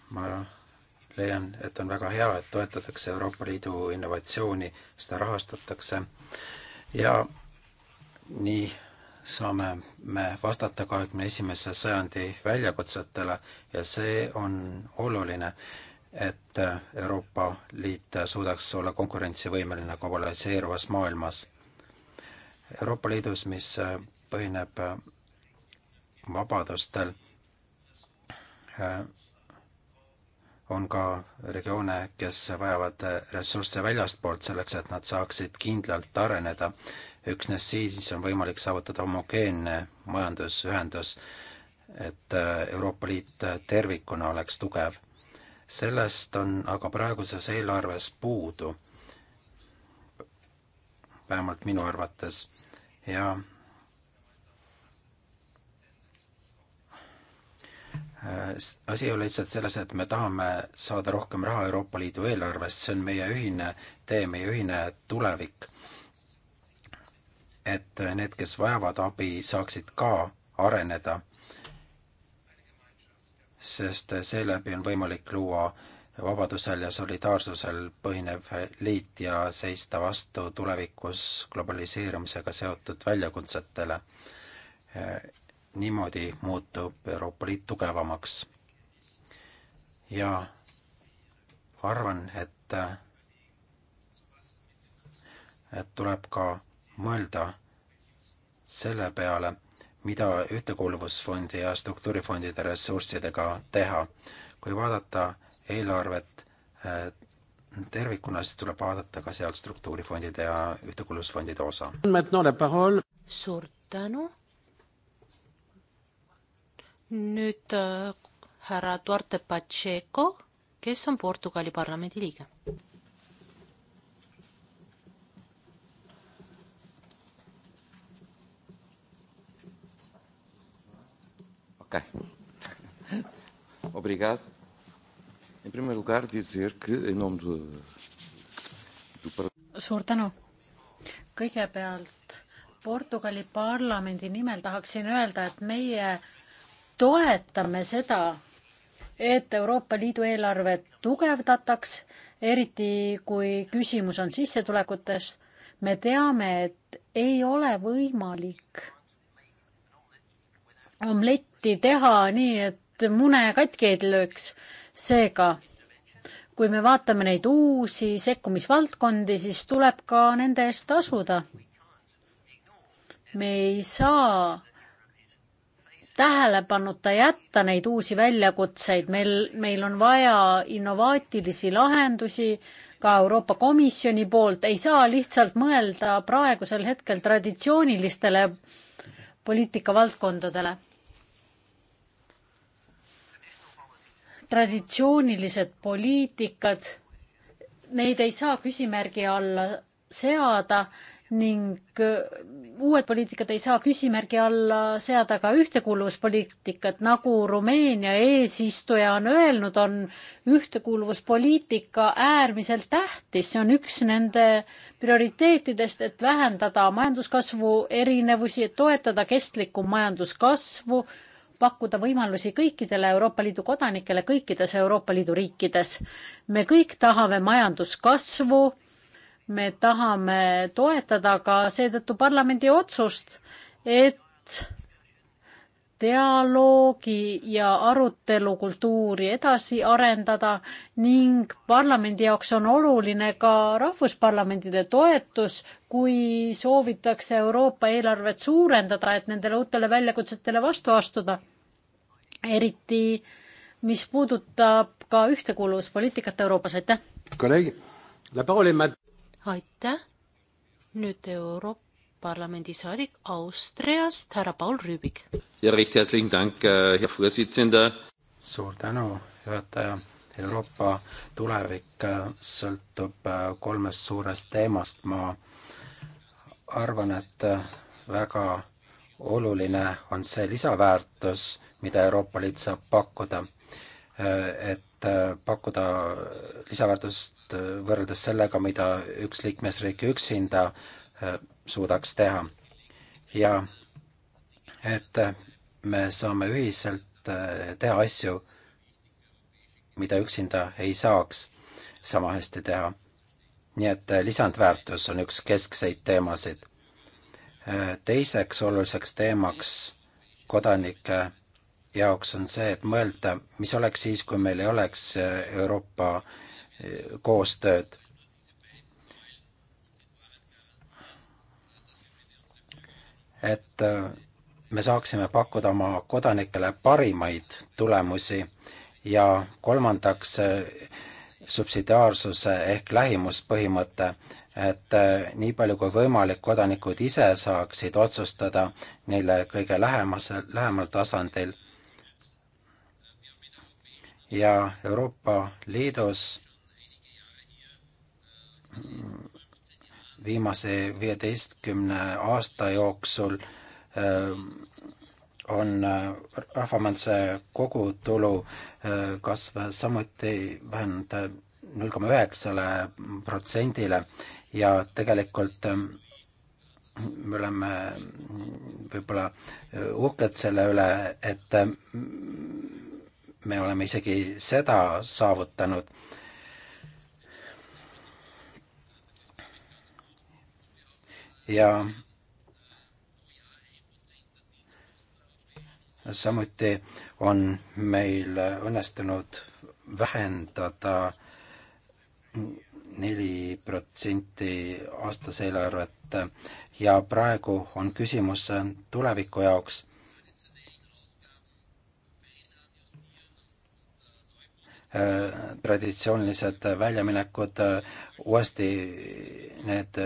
ma leian, et on väga hea, et toetatakse Euroopa Liidu innovatsiooni, seda rahastatakse ja nii saame me vastata kahekümne esimese sajandi väljakutsetele ja see on oluline, et Euroopa Liit suudaks olla konkurentsivõimeline globaliseeruvas maailmas. Euroopa Liidus, mis põhineb vabadustel, on ka regioone, kes vajavad ressursse väljastpoolt selleks, et nad saaksid kindlalt areneda. üksnes siis on võimalik saavutada homogeenne majandusühendus, et Euroopa Liit tervikuna oleks tugev. sellest on aga praeguses eelarves puudu, vähemalt minu arvates, ja Äh, asi ei ole lihtsalt selles, et me tahame saada rohkem raha Euroopa Liidu eelarvest, see on meie ühine tee, meie ühine tulevik. et need, kes vajavad abi, saaksid ka areneda. sest seeläbi on võimalik luua vabadusel ja solidaarsusel põhinev liit ja seista vastu tulevikus globaliseerumisega seotud väljakutsetele äh, niimoodi muutub Euroopa Liit tugevamaks. ja arvan, et, et tuleb ka mõelda selle peale, mida Ühtekuuluvusfondi ja struktuurifondide ressurssidega teha. kui vaadata eelarvet eh, tervikuna, siis tuleb vaadata ka seal struktuurifondide ja ühtekuuluvusfondide osa. suur tänu nüüd äh, härra Duarte Pacheco, kes on Portugali parlamendi liige. Ok. Obrigado. Em primeiro lugar, dizer que, em nome do, do... Suur tänu. Kõigepealt Portugali parlamendi nimel tahaksin öelda, et meie toetame seda, et Euroopa Liidu eelarvet tugevdataks, eriti kui küsimus on sissetulekutes. me teame, et ei ole võimalik omletti teha nii, et mune katki ei lööks. seega, kui me vaatame neid uusi sekkumisvaldkondi, siis tuleb ka nende eest tasuda. me ei saa tähelepanuta jätta neid uusi väljakutseid, meil, meil on vaja innovaatilisi lahendusi ka Euroopa Komisjoni poolt, ei saa lihtsalt mõelda praegusel hetkel traditsioonilistele poliitikavaldkondadele. traditsioonilised poliitikad, neid ei saa küsimärgi alla seada ning äh, uued poliitikad ei saa küsimärgi alla seada ka ühtekuuluvuspoliitikat, nagu Rumeenia eesistuja on öelnud, on ühtekuuluvuspoliitika äärmiselt tähtis, see on üks nende prioriteetidest, et vähendada majanduskasvu erinevusi, et toetada kestlikku majanduskasvu, pakkuda võimalusi kõikidele Euroopa Liidu kodanikele kõikides Euroopa Liidu riikides. me kõik tahame majanduskasvu me tahame toetada ka seetõttu parlamendi otsust, et dialoogi ja arutelukultuuri edasi arendada ning parlamendi jaoks on oluline ka rahvusparlamendide toetus, kui soovitakse Euroopa eelarvet suurendada, et nendele uutele väljakutsetele vastu astuda. eriti, mis puudutab ka ühtekuuluvuspoliitikat Euroopas, aitäh! kolleeg, la parole est aitäh. nüüd Europarlamendi saadik Austriast, härra Paul Rüübik. ja recht herzlichen Dank, äh, Herr Vorsitzender. suur tänu, juhataja. Euroopa tulevik äh, sõltub äh, kolmest suurest teemast, ma arvan, et väga oluline on see lisaväärtus, mida Euroopa Liit saab pakkuda. et pakkuda lisaväärtust Äh, võrreldes sellega, mida üks liikmesriik üksinda äh, suudaks teha. ja et äh, me saame ühiselt teha asju, mida üksinda ei saaks sama hästi teha. nii et lisandväärtus on üks keskseid teemasid. teiseks oluliseks teemaks kodanike jaoks on see, et mõelda, mis oleks siis, kui meil ei oleks Euroopa koostööd. et äh, me saaksime pakkuda oma kodanikele parimaid tulemusi ja kolmandaks äh, subsidiaarsuse ehk lähimuspõhimõte, et äh, nii palju kui võimalik, kodanikud ise saaksid otsustada neile kõige lähemas, lähemal tasandil. ja Euroopa Liidus viimase viieteistkümne aasta jooksul äh, on äh, rahvamajanduse kogutulu äh, kasv samuti vähenenud null koma üheksale protsendile ja tegelikult me oleme võib-olla uhked selle üle, et me oleme isegi seda saavutanud ja samuti on meil õnnestunud vähendada neli protsenti aastas eelarvet ja praegu on küsimus tuleviku jaoks. traditsioonilised väljaminekud, uuesti need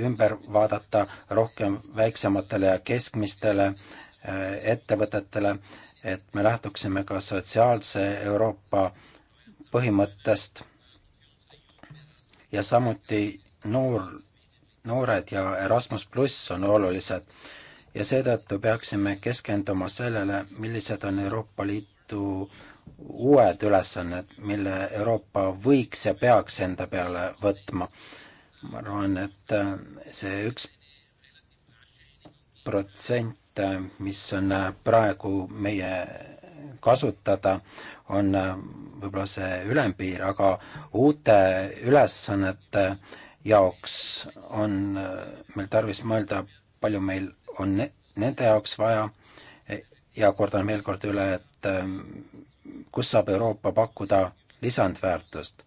ümber vaadata rohkem väiksematele ja keskmistele äh, ettevõtetele, et me lähtuksime ka sotsiaalse Euroopa põhimõttest ja samuti noor, noored ja Erasmus pluss on olulised ja seetõttu peaksime keskenduma sellele, millised on Euroopa Liidu uued ülesanded, mille Euroopa võiks ja peaks enda peale võtma ma arvan, et äh, see üks protsent, äh, mis on äh, praegu meie kasutada, on võib-olla see ülempiir, aga uute ülesannete jaoks on meil tarvis mõelda, palju meil on ne nende jaoks vaja ja kordan veel kord üle, et kus saab Euroopa pakkuda lisandväärtust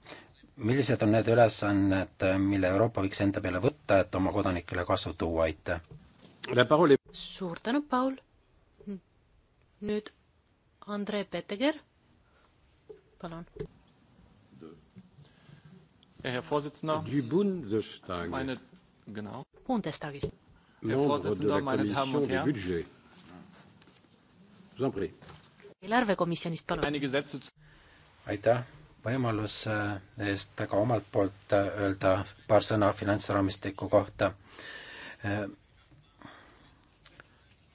millised on need ülesanded, mille Euroopa võiks enda peale võtta, et oma kodanikele kasu tuua, aitäh! suur tänu, Paul! nüüd Andre Peteger, palun. Meine, genau. Bundestagist. Herr Vorsitzender, meine Damen und Herren. eelarvekomisjonist, palun. aitäh võimaluse eest ka omalt poolt öelda paar sõna finantsraamistiku kohta.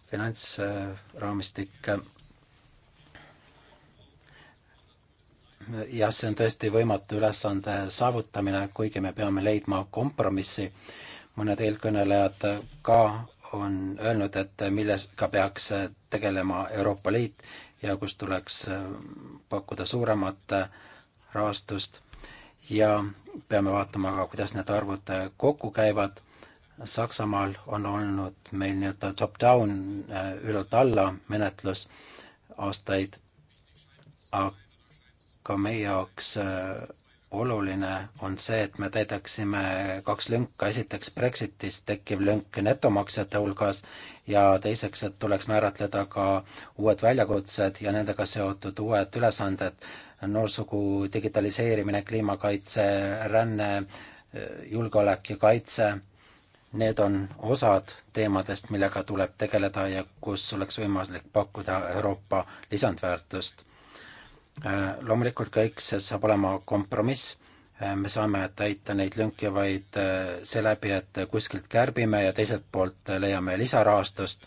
finantsraamistik jah, see on tõesti võimatu ülesande saavutamine, kuigi me peame leidma kompromissi. mõned eelkõnelejad ka on öelnud, et millega peaks tegelema Euroopa Liit ja kus tuleks pakkuda suuremat rahastust ja peame vaatama ka, kuidas need arvud kokku käivad. Saksamaal on olnud meil nii-öelda top-down äh, ülalt alla menetlus aastaid, aga meie jaoks äh, oluline on see, et me täidaksime kaks lünka, esiteks Brexitist tekkiv lünk netomaksjate hulgas ja teiseks, et tuleks määratleda ka uued väljakutsed ja nendega seotud uued ülesanded, noorsugu digitaliseerimine, kliimakaitse, ränne, julgeolek ja kaitse, need on osad teemadest, millega tuleb tegeleda ja kus oleks võimalik pakkuda Euroopa lisandväärtust Äh, loomulikult kõik see saab olema kompromiss, äh, me saame täita neid lünki vaid äh, seeläbi, et kuskilt kärbime ja teiselt poolt leiame lisarahastust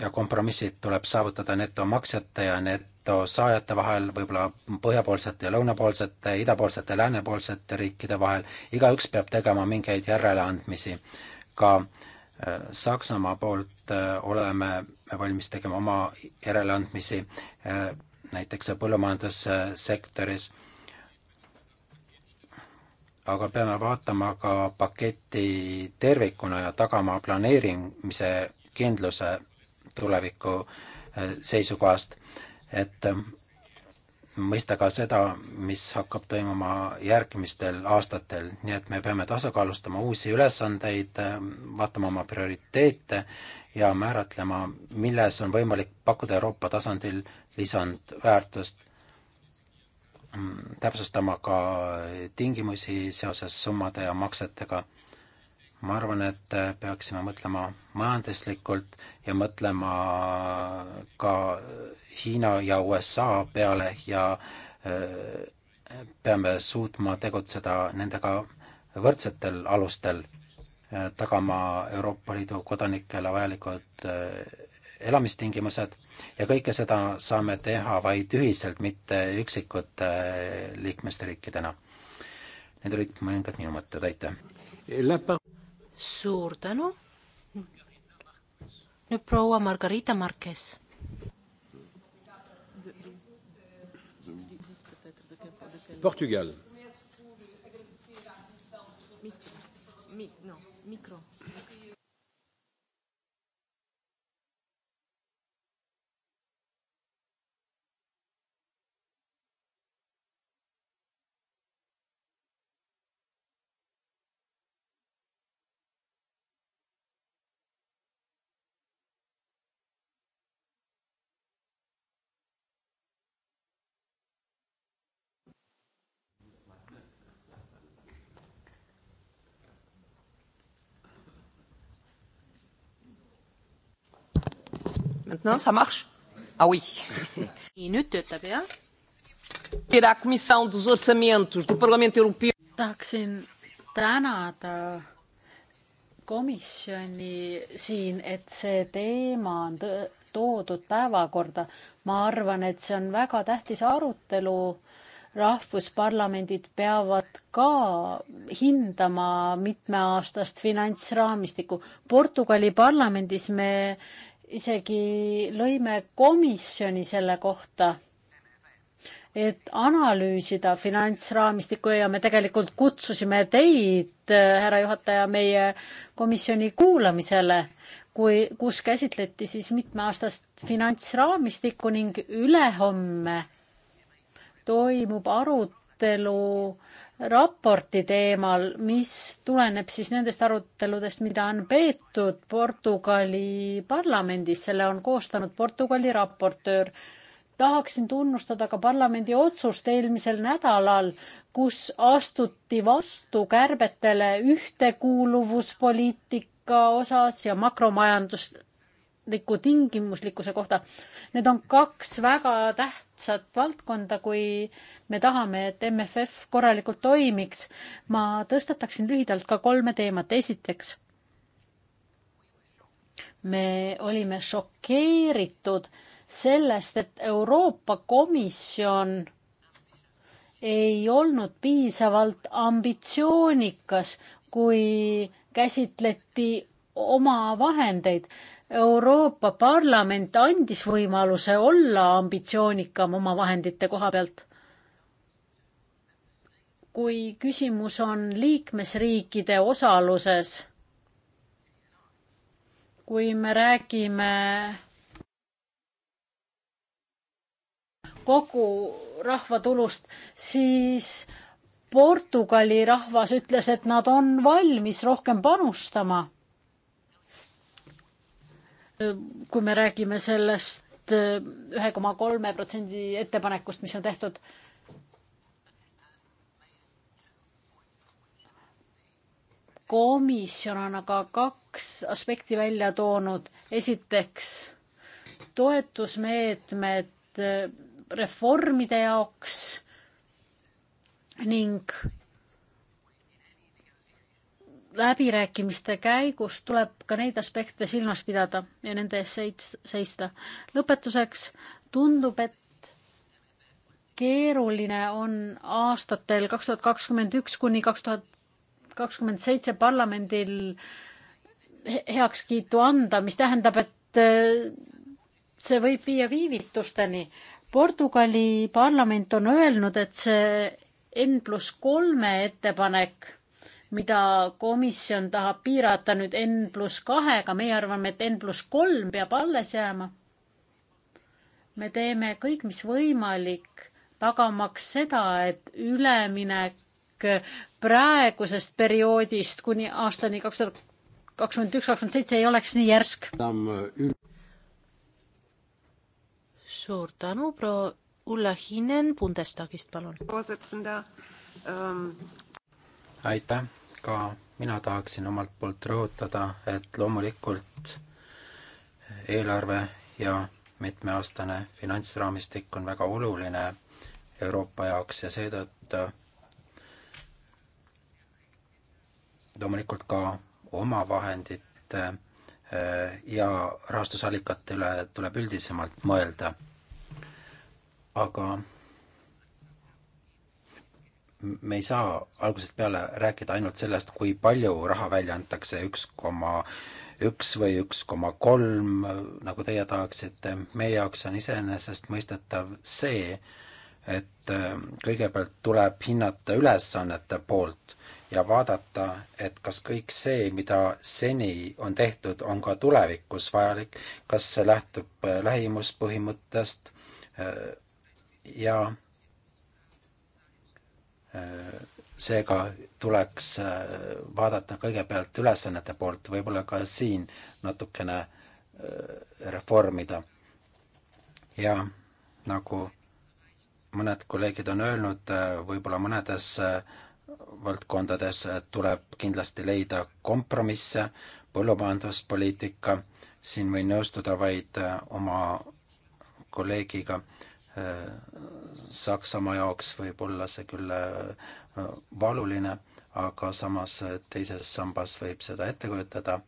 ja kompromissid tuleb saavutada netomaksjate ja netosaajate vahel, võib-olla põhjapoolsete ja lõunapoolsete, idapoolsete ja läänepoolsete riikide vahel, igaüks peab tegema mingeid järeleandmisi. ka Saksamaa poolt oleme valmis tegema oma järeleandmisi äh, näiteks põllumajandussektoris. aga peame vaatama ka paketi tervikuna ja tagama planeerimise kindluse tuleviku äh, seisukohast, et äh, mõista ka seda, mis hakkab toimuma järgmistel aastatel, nii et me peame tasakaalustama uusi ülesandeid, vaatama oma prioriteete ja määratlema, milles on võimalik pakkuda Euroopa tasandil lisandväärtust, mm, täpsustama ka tingimusi seoses summade ja maksetega. ma arvan, et peaksime mõtlema majanduslikult ja mõtlema ka Hiina ja USA peale ja äh, peame suutma tegutseda nendega võrdsetel alustel Äh, tagama Euroopa Liidu kodanikele vajalikud äh, elamistingimused ja kõike seda saame teha vaid ühiselt, mitte üksikute äh, liikmesriikidena. Need olid mõningad minu mõtted, aitäh! suur tänu! nüüd proua Margarita Marques Portugal. mikro Maintenant, ça marche Ah oui. nii, nüüd töötab, jah? Terá a Comissão dos Orçamentos do Parlamento Europeu. tahaksin tänada komisjoni siin, et see teema on toodud päevakorda. ma arvan, et see on väga tähtis arutelu. rahvusparlamendid peavad ka hindama mitmeaastast finantsraamistikku. Portugali parlamendis me äh, isegi lõime komisjoni selle kohta, et analüüsida finantsraamistikku ja me tegelikult kutsusime teid, härra juhataja, meie komisjoni kuulamisele, kui, kus käsitleti siis mitmeaastast finantsraamistikku ning ülehomme toimub arutelu raporti teemal, mis tuleneb siis nendest aruteludest, mida on peetud Portugali parlamendis, selle on koostanud Portugali raportöör. tahaksin tunnustada ka parlamendi otsust eelmisel nädalal, kus astuti vastu kärbetele ühtekuuluvuspoliitika osas ja makromajandust majandusliku tingimuslikkuse kohta. Need on kaks väga tähtsat valdkonda, kui me tahame, et MFF korralikult toimiks. ma tõstataksin lühidalt ka kolme teemat. esiteks, me olime šokeeritud sellest, et Euroopa Komisjon ei olnud piisavalt ambitsioonikas, kui käsitleti oma vahendeid. Euroopa Parlament andis võimaluse olla ambitsioonikam oma vahendite koha pealt. kui küsimus on liikmesriikide osaluses, kui me räägime kogu rahvatulust, siis Portugali rahvas ütles, et nad on valmis rohkem panustama kui me räägime sellest eh, ühe koma kolme protsendi ettepanekust, mis on tehtud. komisjon on aga kaks aspekti välja toonud. esiteks toetusmeetmed eh, reformide jaoks ning läbirääkimiste käigus tuleb ka neid aspekte silmas pidada ja nende eest seista. lõpetuseks tundub, et keeruline on aastatel kaks tuhat kakskümmend üks kuni kaks tuhat kakskümmend seitse parlamendil heakskiitu anda, mis tähendab, et äh, see võib viia viivitusteni. Portugali parlament on öelnud, et see N pluss kolme ettepanek mida komisjon tahab piirata nüüd N pluss kahega, meie arvame, et N pluss kolm peab alles jääma. me teeme kõik, mis võimalik, tagamaks seda, et üleminek praegusest perioodist kuni aastani kaks tuhat kakskümmend üks, kakskümmend seitse ei oleks nii järsk. suur tänu, proua Ulla Hinen Bundestagist, palun. Ähm, aitäh ka mina tahaksin omalt poolt rõhutada, et loomulikult eelarve ja mitmeaastane finantsraamistik on väga oluline Euroopa jaoks ja seetõttu loomulikult ka omavahendite eh, ja rahastusallikate üle tuleb üldisemalt mõelda. aga me ei saa algusest peale rääkida ainult sellest, kui palju raha välja antakse, üks koma üks või üks koma kolm, nagu teie tahaksite, meie jaoks on iseenesestmõistetav see, et äh, kõigepealt tuleb hinnata ülesannete poolt ja vaadata, et kas kõik see, mida seni on tehtud, on ka tulevikus vajalik, kas see lähtub äh, lähimuspõhimõttest äh, ja seega tuleks äh, vaadata kõigepealt ülesannete poolt, võib-olla ka siin natukene äh, reformida. ja nagu mõned kolleegid on öelnud, äh, võib-olla mõnedes valdkondades tuleb kindlasti leida kompromisse, põllumajanduspoliitika, siin võin nõustuda vaid oma kolleegiga, Saksamaa jaoks võib olla see küll äh, valuline, aga samas äh, teises sambas võib seda ette kujutada.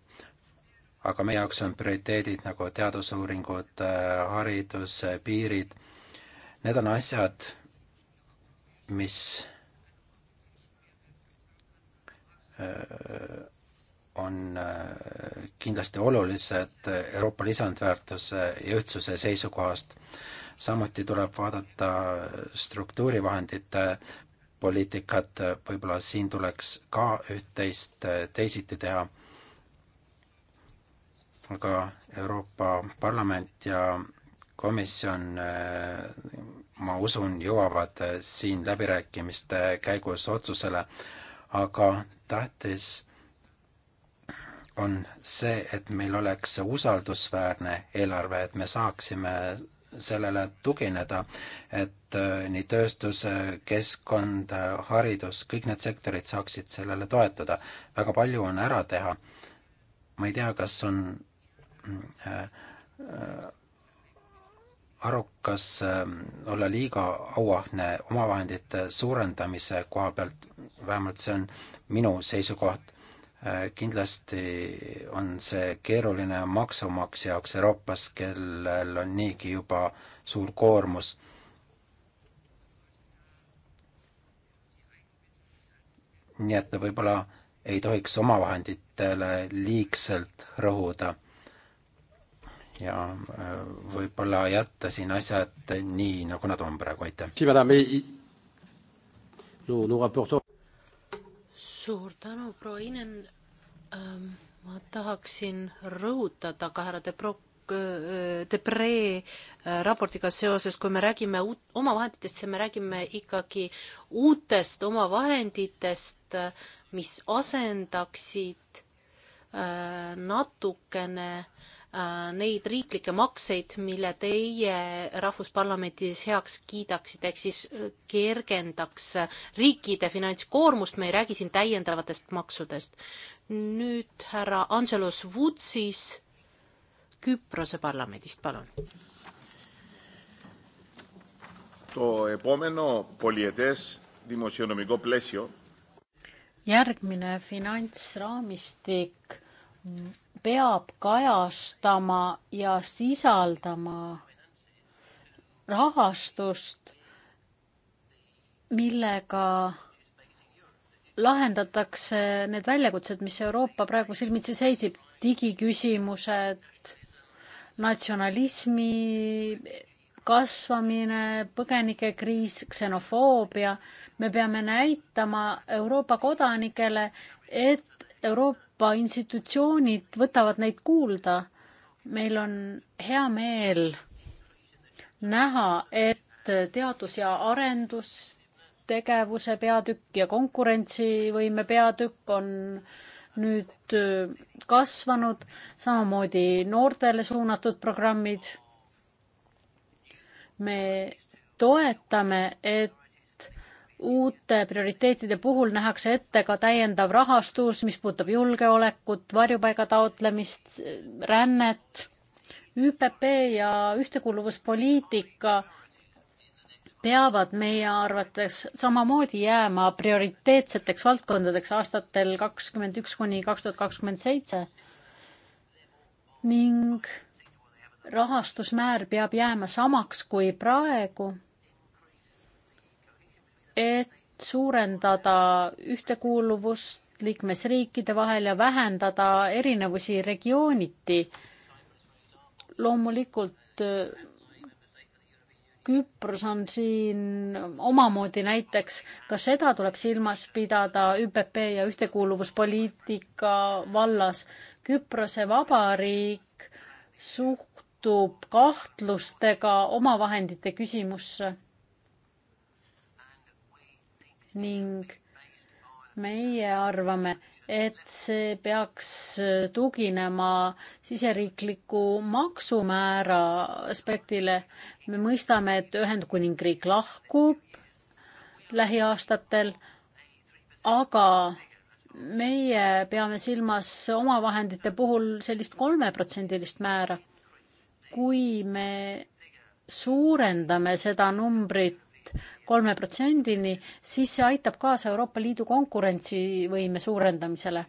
aga meie jaoks on prioriteedid nagu teadusuuringud, äh, haridus, piirid, need on asjad, mis on äh, kindlasti olulised Euroopa lisandväärtuse ja ühtsuse seisukohast. samuti tuleb vaadata struktuurivahendite poliitikat, võib-olla siin tuleks ka üht-teist äh, teisiti teha. aga Euroopa Parlament ja komisjon, äh, ma usun, jõuavad siin läbirääkimiste käigus otsusele, aga tähtis on see, et meil oleks usaldusväärne eelarve, et me saaksime sellele tugineda, et äh, nii tööstus, keskkond, äh, haridus, kõik need sektorid saaksid sellele toetuda. väga palju on ära teha. ma ei tea, kas on äh, äh, arukas äh, olla liiga auahne omavahendite suurendamise koha pealt, vähemalt see on minu seisukoht Äh, kindlasti on see keeruline maksumaksja jaoks Euroopas, kellel on niigi juba suur koormus. nii et võib-olla ei tohiks omavahenditele liigselt rõhuda ja äh, võib-olla jätta siin asjad nii, nagu nad on praegu, aitäh suur tänu, proua Inen ähm,. ma tahaksin rõhutada ka härra De Pro-, äh, Debre äh, raportiga seoses, kui me räägime uut, omavahenditest, siis me räägime ikkagi uutest omavahenditest, mis asendaksid äh, natukene äh, Äh, neid riiklikke makseid, mille teie Rahvusparlamendis heaks kiidaksite, ehk siis äh, kergendaks äh, riikide finantskoormust, me ei räägi siin täiendavatest maksudest. nüüd härra Angelos Vutsis Küprose parlamendist, palun. to epomeno poliedes dimosjonomiko plesio. järgmine finantsraamistik peab kajastama ja sisaldama rahastust, millega lahendatakse need väljakutsed, mis Euroopa praegu silmitsi seisib, digiküsimused, natsionalismi kasvamine, põgenikekriis, ksenofoobia. me peame näitama Euroopa kodanikele, et Euroopa Euroopa institutsioonid võtavad neid kuulda. meil on hea meel näha, et teadus- ja arendustegevuse peatükk ja konkurentsivõime peatükk on nüüd äh, kasvanud, samamoodi noortele suunatud programmid. me toetame, et uute prioriteetide puhul nähakse ette ka täiendav rahastus, mis puudutab julgeolekut, varjupaiga taotlemist, rännet. ÜPP ja ühtekuuluvuspoliitika peavad meie arvates samamoodi jääma prioriteetseteks valdkondadeks aastatel kakskümmend üks kuni kaks tuhat kakskümmend seitse ning rahastusmäär peab jääma samaks kui praegu et suurendada ühtekuuluvust liikmesriikide vahel ja vähendada erinevusi regiooniti. loomulikult äh, Küpros on siin omamoodi näiteks, ka seda tuleb silmas pidada ÜPP ja ühtekuuluvuspoliitika vallas. Küprose Vabariik suhtub kahtlustega omavahendite küsimusse ning meie arvame, et see peaks tuginema siseriikliku maksumäära aspektile. me mõistame, et Ühendkuningriik lahkub lähiaastatel, aga meie peame silmas omavahendite puhul sellist kolmeprotsendilist määra. kui me suurendame seda numbrit kolme protsendini, siis see aitab kaasa Euroopa Liidu konkurentsivõime suurendamisele.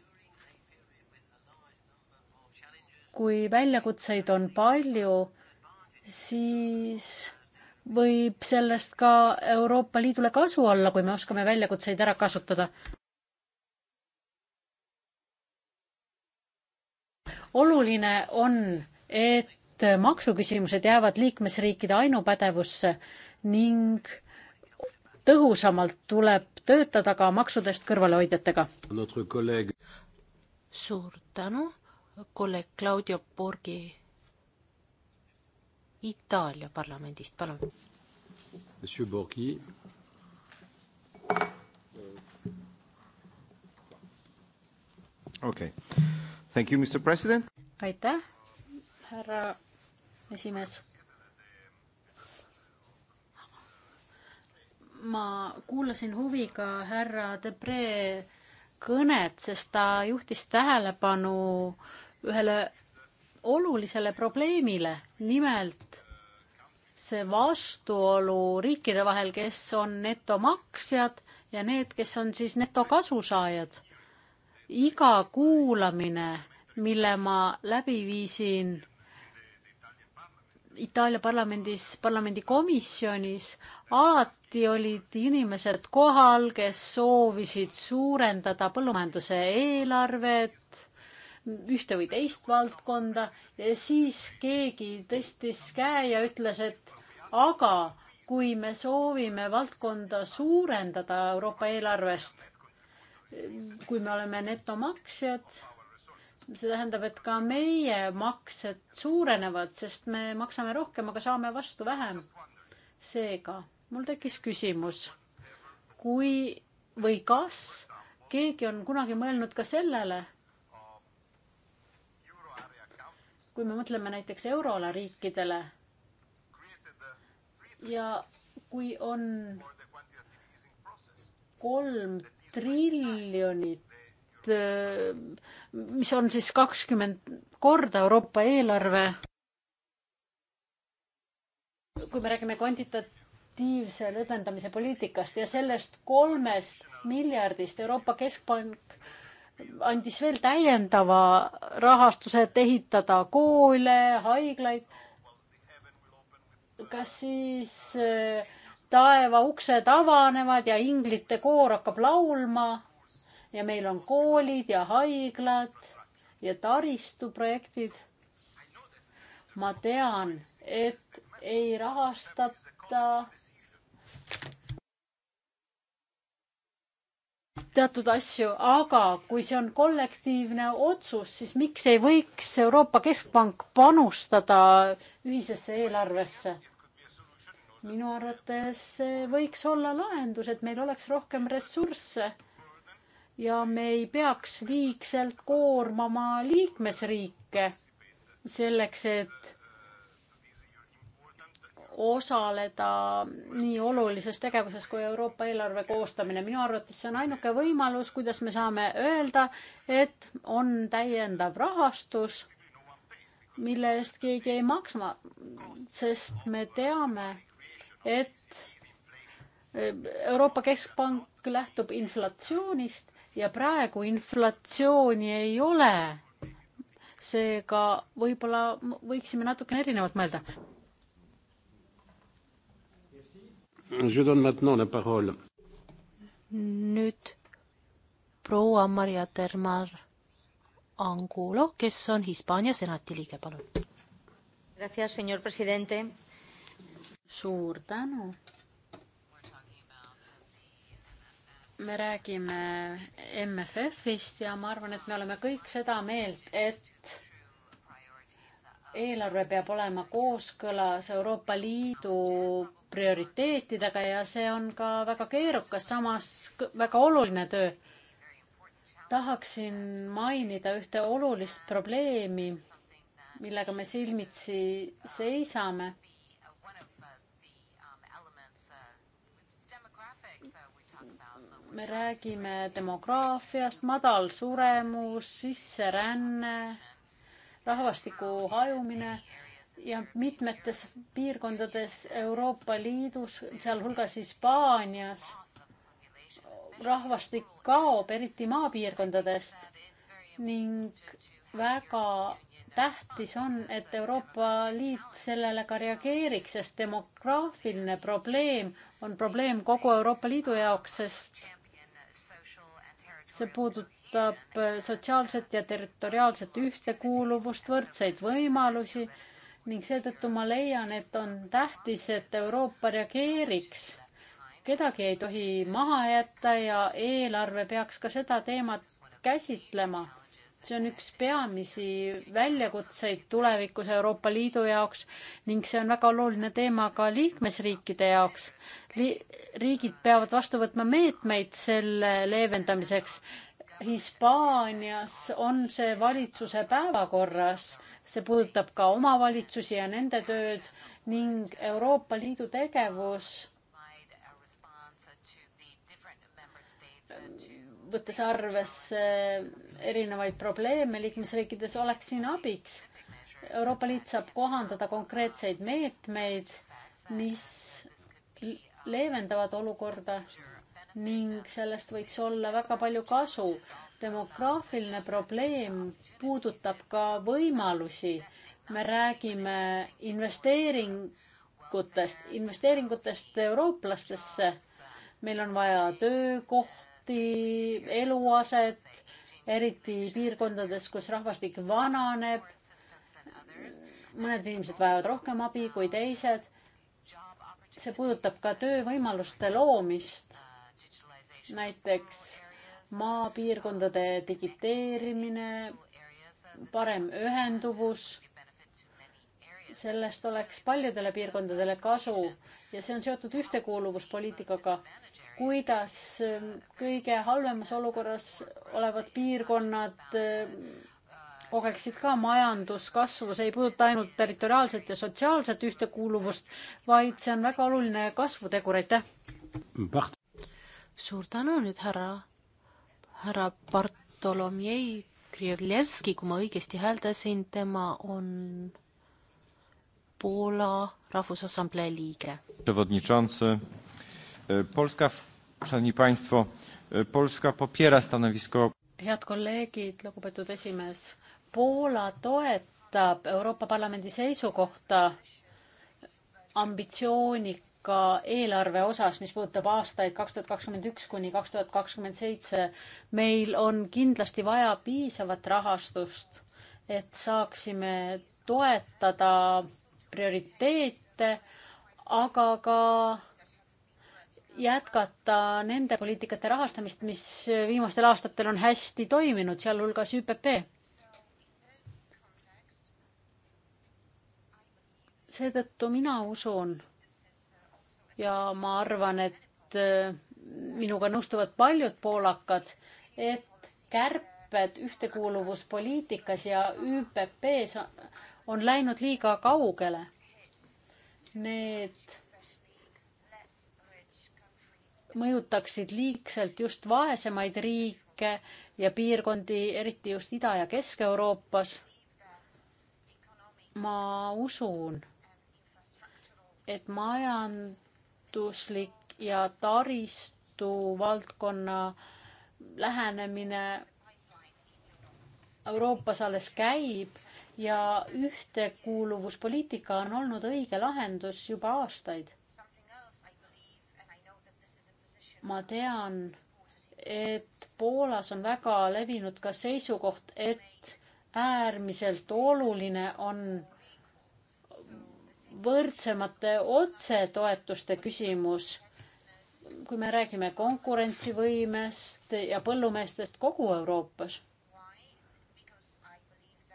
kui väljakutseid on palju, siis võib sellest ka Euroopa Liidule kasu olla, kui me oskame väljakutseid ära kasutada. oluline on, et maksuküsimused jäävad liikmesriikide ainupädevusse ning tõhusamalt tuleb töötada ka maksudest kõrvalehoidjatega. suur tänu, kolleeg Claudio Borghi Itaalia parlamendist, palun. Monsieur Borghi. okei okay., thank you, Mr President. aitäh, härra esimees ma kuulasin huviga härra Debre kõnet, sest ta juhtis tähelepanu ühele olulisele probleemile, nimelt see vastuolu riikide vahel, kes on netomaksjad ja need, kes on siis netokasusaajad. iga kuulamine, mille ma läbi viisin Itaalia parlamendis, parlamendikomisjonis alati olid inimesed kohal, kes soovisid suurendada põllumajanduse eelarvet, ühte või teist valdkonda ja siis keegi tõstis käe ja ütles, et aga kui me soovime valdkonda suurendada Euroopa eelarvest, kui me oleme netomaksjad see tähendab, et ka meie maksed suurenevad, sest me maksame rohkem, aga saame vastu vähem. seega mul tekkis küsimus, kui või kas keegi on kunagi mõelnud ka sellele, kui me mõtleme näiteks euroala riikidele ja kui on kolm triljonit Äh, mis on siis kakskümmend korda Euroopa eelarve. kui me räägime kvantitatiivse lõdvendamise poliitikast ja sellest kolmest miljardist Euroopa Keskpank andis veel täiendava rahastuse, et ehitada koole, haiglaid. kas siis äh, taeva uksed avanevad ja inglite koor hakkab laulma? ja meil on koolid ja haiglad ja taristuprojektid. ma tean, et ei rahastata teatud asju, aga kui see on kollektiivne otsus, siis miks ei võiks Euroopa Keskpank panustada ühisesse eelarvesse? minu arvates see võiks olla lahendus, et meil oleks rohkem ressursse ja me ei peaks liigselt koormama liikmesriike selleks, et osaleda nii olulises tegevuses kui Euroopa eelarve koostamine. minu arvates see on ainuke võimalus, kuidas me saame öelda, et on täiendav rahastus, mille eest keegi ei maksma, sest me teame, et Euroopa Keskpank lähtub inflatsioonist ja praegu inflatsiooni ei ole. seega võib-olla võiksime natukene erinevalt mõelda. nüüd proua Maria Termar Angulo, kes on Hispaania senati liige, palun. suur tänu me räägime MFF-ist ja ma arvan, et me oleme kõik seda meelt, et eelarve peab olema kooskõlas Euroopa Liidu prioriteetidega ja see on ka väga keerukas, samas väga oluline töö. tahaksin mainida ühte olulist probleemi, millega me silmitsi seisame me räägime demograafiast, madal suremus, sisseränne, rahvastiku hajumine ja mitmetes piirkondades Euroopa Liidus, sealhulgas Hispaanias, rahvastik kaob, eriti maapiirkondadest ning väga tähtis on, et Euroopa Liit sellele ka reageeriks, sest demograafiline probleem on probleem kogu Euroopa Liidu jaoks, sest see puudutab äh, sotsiaalset ja territoriaalset ühtekuuluvust, võrdseid võimalusi ning seetõttu ma leian, et on tähtis, et Euroopa reageeriks. kedagi ei tohi maha jätta ja eelarve peaks ka seda teemat käsitlema see on üks peamisi väljakutseid tulevikus Euroopa Liidu jaoks ning see on väga oluline teema ka liikmesriikide jaoks Li. riigid peavad vastu võtma meetmeid selle leevendamiseks. Hispaanias on see valitsuse päevakorras, see puudutab ka omavalitsusi ja nende tööd ning Euroopa Liidu tegevus võttes arvesse erinevaid probleeme liikmesriikides, oleks siin abiks. Euroopa Liit saab kohandada konkreetseid meetmeid, mis leevendavad olukorda ning sellest võiks olla väga palju kasu. demograafiline probleem puudutab ka võimalusi. me räägime investeeringutest, investeeringutest eurooplastesse. meil on vaja töökohti transporti, eluaset, eriti piirkondades, kus rahvastik vananeb. mõned inimesed vajavad rohkem abi kui teised. see puudutab ka töövõimaluste loomist. näiteks maapiirkondade digiteerimine, parem ühenduvus. sellest oleks paljudele piirkondadele kasu ja see on seotud ühtekuuluvuspoliitikaga kuidas ähm, kõige halvemas olukorras olevad piirkonnad äh, kogeksid ka majanduskasvu, see ei puuduta ainult territoriaalset ja sotsiaalset ühtekuuluvust, vaid see on väga oluline kasvutegur, aitäh. suur tänu nüüd härra, härra Bartolomei Krivlevski, kui ma õigesti hääldasin, tema on Poola Rahvusassamblee liige. E, Polska, państwo, e, Polska popiera stanowisko. head kolleegid, lugupeetud esimees, Poola toetab Euroopa Parlamendi seisukohta ambitsioonika eelarve osas, mis puudutab aastaid kaks tuhat kakskümmend üks kuni kaks tuhat kakskümmend seitse. meil on kindlasti vaja piisavat rahastust, et saaksime toetada prioriteete, aga ka jätkata nende poliitikate rahastamist, mis viimastel aastatel on hästi toiminud, sealhulgas ÜPP. seetõttu mina usun ja ma arvan, et äh, minuga nõustuvad paljud poolakad, et kärped ühtekuuluvuspoliitikas ja ÜPP-s on läinud liiga kaugele. Need mõjutaksid liigselt just vaesemaid riike ja piirkondi, eriti just Ida- ja Kesk-Euroopas. ma usun, et majanduslik ja taristu valdkonna lähenemine Euroopas alles käib ja ühtekuuluvuspoliitika on olnud õige lahendus juba aastaid ma tean, et Poolas on väga levinud ka seisukoht, et äärmiselt oluline on võrdsemate otsetoetuste küsimus. kui me räägime konkurentsivõimest ja põllumeestest kogu Euroopas.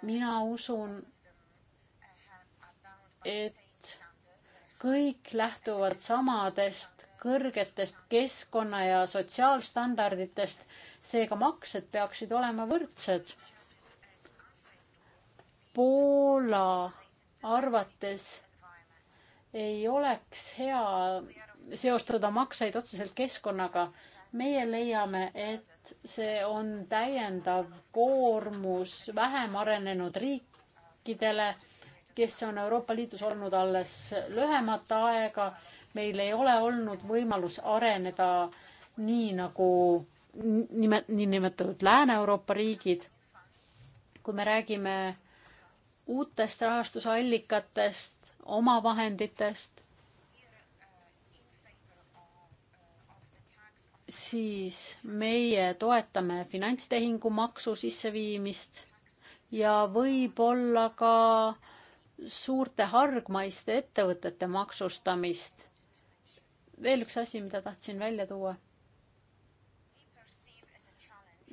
mina usun, et kõik lähtuvad samadest kõrgetest keskkonna ja sotsiaalstandarditest, seega maksed peaksid olema võrdsed. Poola arvates ei oleks hea seostada makseid otseselt keskkonnaga. meie leiame, et see on täiendav koormus vähem arenenud riikidele, kes on Euroopa Liidus olnud alles lühemat aega meil ei ole olnud võimalus areneda nii nagu nime, niinimetatud Lääne-Euroopa riigid. kui me räägime uutest rahastusallikatest, omavahenditest, siis meie toetame finantstehingumaksu sisseviimist ja võib-olla ka suurte hargmaiste ettevõtete maksustamist veel üks asi, mida tahtsin välja tuua.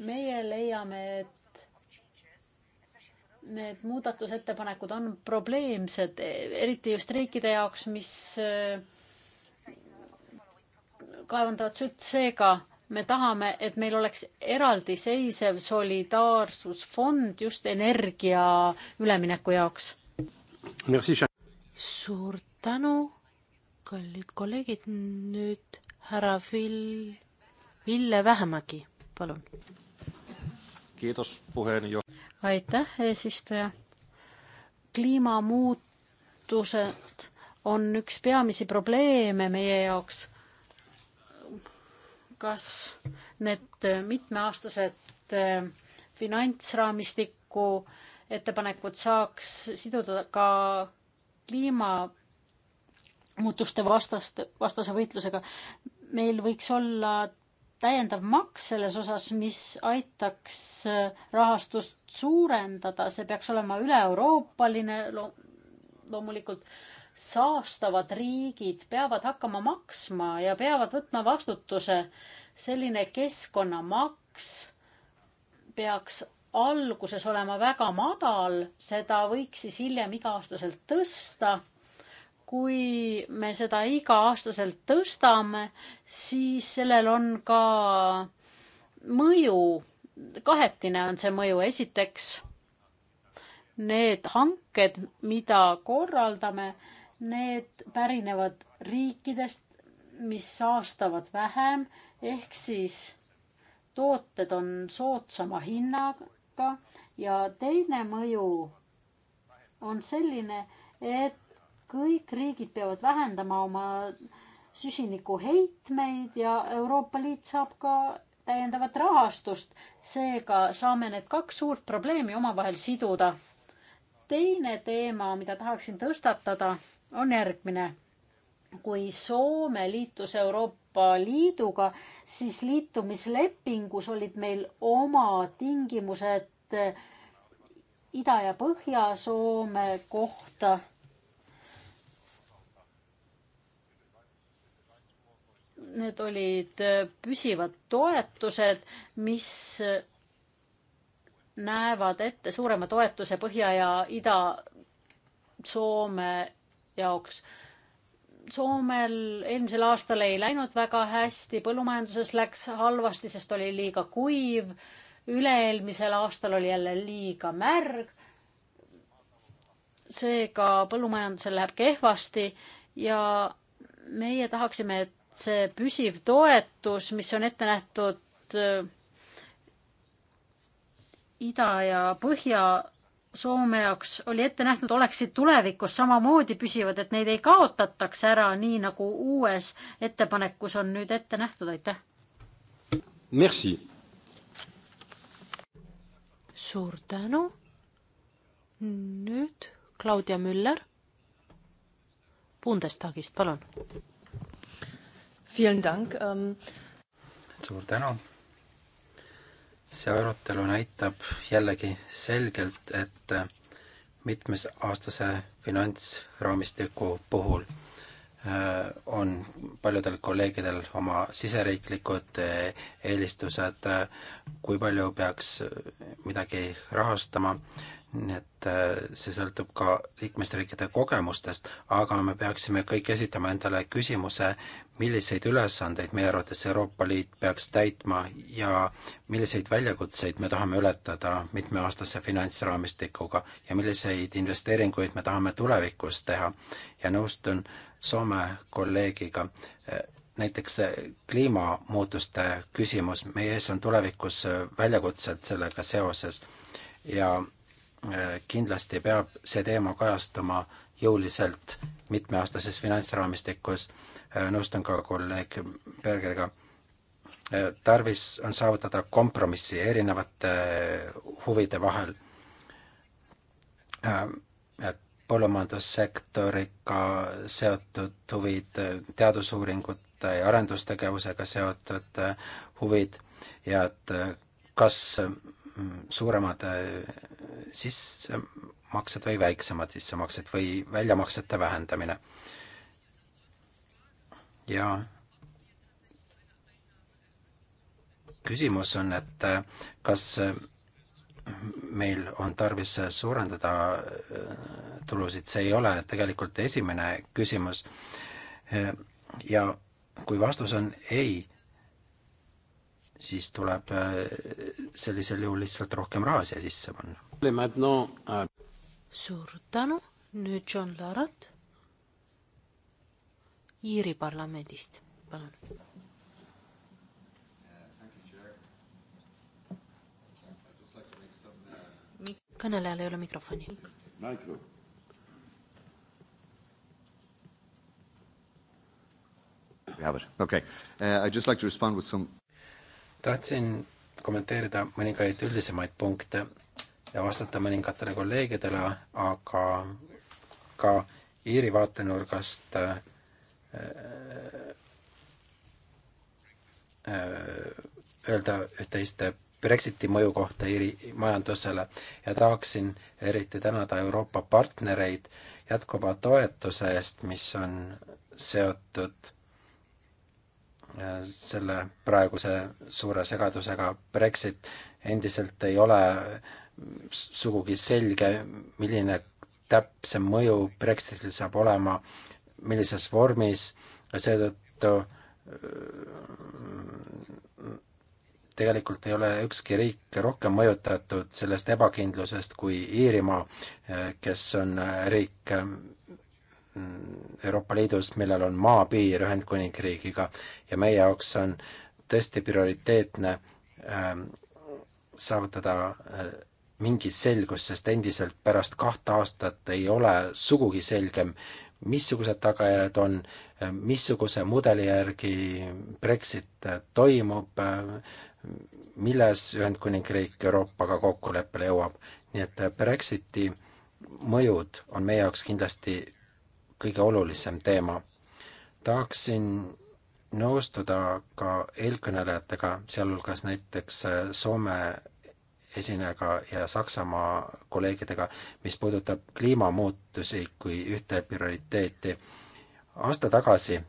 meie leiame, et need muudatusettepanekud on probleemsed, eriti just riikide jaoks, mis äh, kaevandavad sütt, seega me tahame, et meil oleks eraldiseisev solidaarsusfond just energia ülemineku jaoks. suur tänu kallid kolleegid, nüüd härra Vil-, Ville Vähemägi, palun. aitäh, eesistuja. kliimamuutused on üks peamisi probleeme meie jaoks. kas need mitmeaastased äh, finantsraamistiku ettepanekud saaks siduda ka kliima muutuste vastaste, vastase võitlusega. meil võiks olla täiendav maks selles osas, mis aitaks äh, rahastust suurendada, see peaks olema üle-euroopaline lo loomulikult. saastavad riigid peavad hakkama maksma ja peavad võtma vastutuse. selline keskkonnamaks peaks alguses olema väga madal, seda võiks siis hiljem iga-aastaselt tõsta kui me seda iga-aastaselt tõstame, siis sellel on ka mõju, kahetine on see mõju, esiteks need hanked, mida korraldame, need pärinevad riikidest, mis saastavad vähem, ehk siis tooted on soodsama hinnaga ja teine mõju on selline, et kõik riigid peavad vähendama oma süsinikuheitmeid ja Euroopa Liit saab ka täiendavat rahastust. seega saame need kaks suurt probleemi omavahel siduda. teine teema, mida tahaksin tõstatada, on järgmine. kui Soome liitus Euroopa Liiduga, siis liitumislepingus olid meil oma tingimused Ida- ja Põhja-Soome kohta need olid äh, püsivad toetused, mis äh, näevad ette suurema toetuse Põhja ja Ida-Soome jaoks. Soomel eelmisel aastal ei läinud väga hästi, põllumajanduses läks halvasti, sest oli liiga kuiv. üle-eelmisel aastal oli jälle liiga märg. seega põllumajandusel läheb kehvasti ja meie tahaksime, et see püsiv toetus, mis on ette nähtud äh, Ida ja Põhja-Soome jaoks, oli ette nähtud, oleksid tulevikus samamoodi püsivad, et neid ei kaotataks ära, nii nagu uues ettepanekus on nüüd ette nähtud, aitäh. Merci. suur tänu. nüüd Claudia Müller Bundestagist, palun Ähm, suur tänu. see arutelu näitab jällegi selgelt, et äh, mitmesaastase finantsraamistiku puhul äh, on paljudel kolleegidel oma siseriiklikud äh, eelistused, kui palju peaks midagi rahastama nii et äh, see sõltub ka liikmesriikide kogemustest, aga me peaksime kõik esitama endale küsimuse, milliseid ülesandeid meie arvates Euroopa Liit peaks täitma ja milliseid väljakutseid me tahame ületada mitmeaastase finantsraamistikuga ja milliseid investeeringuid me tahame tulevikus teha. ja nõustun Soome kolleegiga, äh, näiteks äh, kliimamuutuste küsimus, meie ees on tulevikus väljakutsed sellega seoses ja Äh, kindlasti peab see teema kajastama jõuliselt mitmeaastases finantsraamistikus, äh, nõustun ka kolleeg Bergeriga, äh, tarvis on saavutada kompromissi erinevate huvide vahel. põllumajandussektoriga seotud huvid, teadusuuringute ja arendustegevusega seotud huvid ja et kas suuremad äh, sissemaksed või väiksemad sissemaksed või väljamaksete vähendamine. ja küsimus on, et äh, kas äh, meil on tarvis suurendada tulusid, see ei ole tegelikult esimene küsimus. ja kui vastus on ei, siis tuleb äh, sellisel juhul lihtsalt rohkem raha siia sisse panna. Euh, suur tänu, nüüd John Larat Iiri parlamendist, palun. kõnelejal ei ole mikrofoni. Micro. We have it. Okay. Uh, I'd just like to respond with some tahtsin kommenteerida mõningaid üldisemaid punkte ja vastata mõningatele kolleegidele, aga ka Iiri vaatenurgast äh, äh, öelda üht-teist Brexiti mõju kohta Iiri majandusele ja tahaksin eriti tänada Euroopa partnereid jätkuva toetuse eest, mis on seotud Äh, selle praeguse suure segadusega Brexit. endiselt ei ole sugugi selge, milline täpsem mõju Brexitil saab olema, millises vormis ja seetõttu äh, tegelikult ei ole ükski riik rohkem mõjutatud sellest ebakindlusest kui Iirimaa, äh, kes on riik, Euroopa Liidus, millel on maapiir Ühendkuningriigiga ja meie jaoks on tõesti prioriteetne ähm, saavutada äh, mingi selgus, sest endiselt pärast kahte aastat ei ole sugugi selgem, missugused tagajärjed on, äh, missuguse mudeli järgi Brexit äh, toimub, äh, milles Ühendkuningriik Euroopaga kokkuleppele jõuab. nii et Brexiti mõjud on meie jaoks kindlasti kõige olulisem teema. tahaksin nõustuda ka eelkõnelejatega, sealhulgas näiteks Soome esinejaga ja Saksamaa kolleegidega, mis puudutab kliimamuutusi kui ühte prioriteeti. aasta tagasi,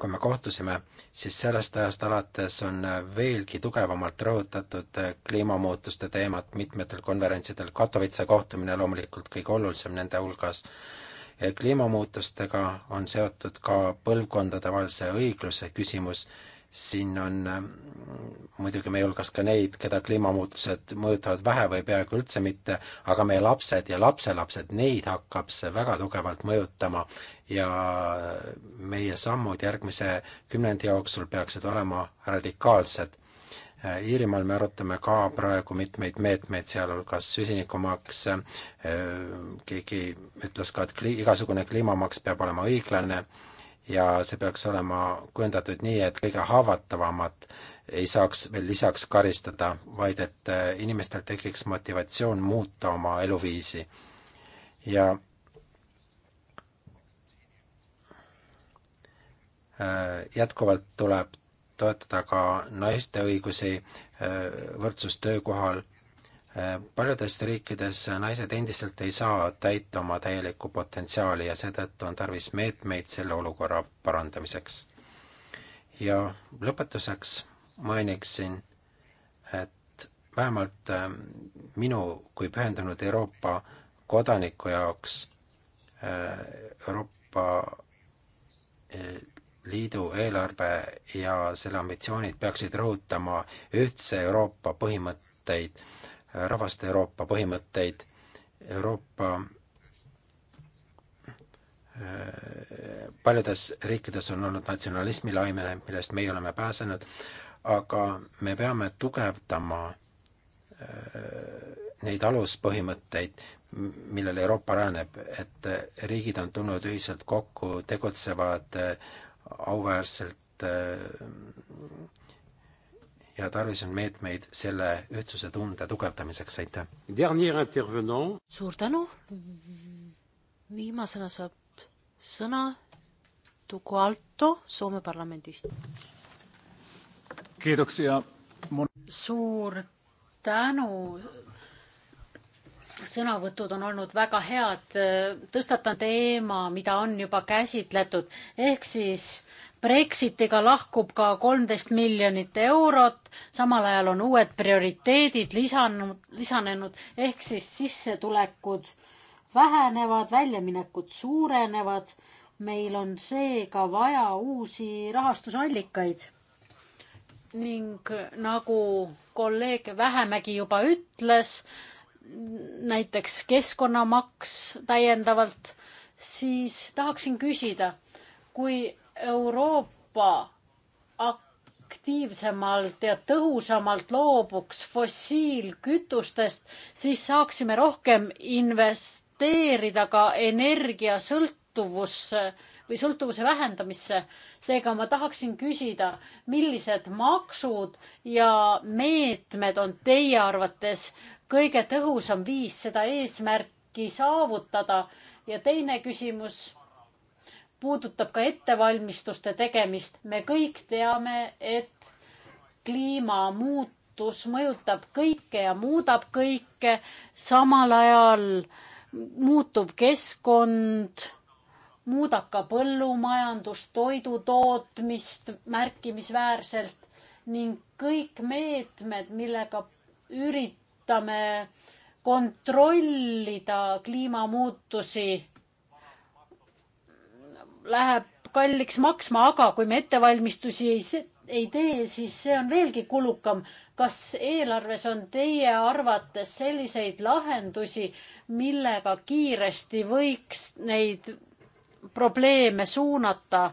kui me kohtusime, siis sellest ajast alates on veelgi tugevamalt rõhutatud kliimamuutuste teemat mitmetel konverentsidel, Katowice kohtumine loomulikult kõige olulisem nende hulgas kliimamuutustega on seotud ka põlvkondadevahelise õigluse küsimus, siin on ähm, muidugi meie hulgas ka neid, keda kliimamuutused mõjutavad vähe või peaaegu üldse mitte, aga meie lapsed ja lapselapsed, neid hakkab see väga tugevalt mõjutama ja meie sammud järgmise kümnendi jooksul peaksid olema radikaalsed. Äh, Iirimaal me arutame ka praegu mitmeid meetmeid, sealhulgas süsinikumaks, äh, keegi ütles ka, et kli-, igasugune kliimamaks peab olema õiglane ja see peaks olema kujundatud nii, et kõige haavatavamad ei saaks veel lisaks karistada, vaid et äh, inimestel tekiks motivatsioon muuta oma eluviisi. ja jätkuvalt tuleb toetada ka naiste õigusi, äh, võrdsust töökohal. Äh, paljudes riikides naised endiselt ei saa täita oma täielikku potentsiaali ja seetõttu on tarvis meetmeid selle olukorra parandamiseks. ja lõpetuseks mainiksin, et vähemalt äh, minu kui pühendunud Euroopa kodaniku jaoks Euroopa Liidu eelarve ja selle ambitsioonid peaksid rõhutama ühtse Euroopa põhimõtteid, rahvaste Euroopa põhimõtteid, Euroopa paljudes riikides on olnud natsionalismi laimene, millest meie oleme pääsenud, aga me peame tugevdama neid aluspõhimõtteid, millele Euroopa rajaneb, et riigid on tulnud ühiselt kokku, tegutsevad auväärselt äh, ja tarvis on meetmeid selle ühtsuse tunde tugevdamiseks, aitäh! suur tänu, viimasena saab sõna Tuku Alto Soome parlamendist. suur tänu sõnavõtud on olnud väga head, tõstatan teema, mida on juba käsitletud, ehk siis Brexitiga lahkub ka kolmteist miljonit eurot, samal ajal on uued prioriteedid lisanud, lisanenud, ehk siis sissetulekud vähenevad, väljaminekud suurenevad. meil on seega vaja uusi rahastusallikaid. ning nagu kolleeg Vähemägi juba ütles, näiteks keskkonnamaks täiendavalt, siis tahaksin küsida, kui Euroopa aktiivsemalt ja tõhusamalt loobuks fossiilkütustest, siis saaksime rohkem investeerida ka energiasõltuvusse või sõltuvuse vähendamisse. seega ma tahaksin küsida, millised maksud ja meetmed on teie arvates kõige tõhusam viis seda eesmärki saavutada ja teine küsimus puudutab ka ettevalmistuste tegemist. me kõik teame, et kliimamuutus mõjutab kõike ja muudab kõike, samal ajal muutuv keskkond muudab ka põllumajandust, toidutootmist märkimisväärselt ning kõik meetmed, millega ürit-, üritame kontrollida kliimamuutusi, läheb kalliks maksma, aga kui me ettevalmistusi ei, ei tee, siis see on veelgi kulukam. kas eelarves on teie arvates selliseid lahendusi, millega kiiresti võiks neid probleeme suunata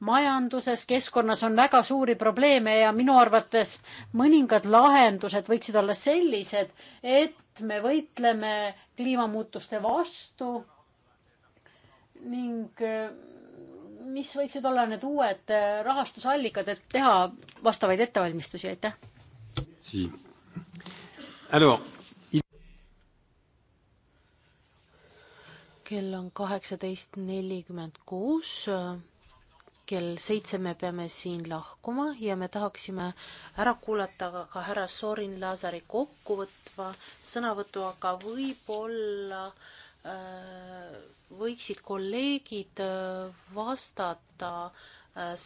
majanduses, keskkonnas on väga suuri probleeme ja minu arvates mõningad lahendused võiksid olla sellised, et me võitleme kliimamuutuste vastu ning äh, mis võiksid olla need uued äh, rahastusallikad, et teha vastavaid ettevalmistusi, aitäh si.! Il... kell on kaheksateist nelikümmend kuus kell seitse me peame siin lahkuma ja me tahaksime ära kuulata ka härra Sorin Lazari kokkuvõtva sõnavõtu, aga võib-olla äh, võiksid kolleegid äh, vastata äh,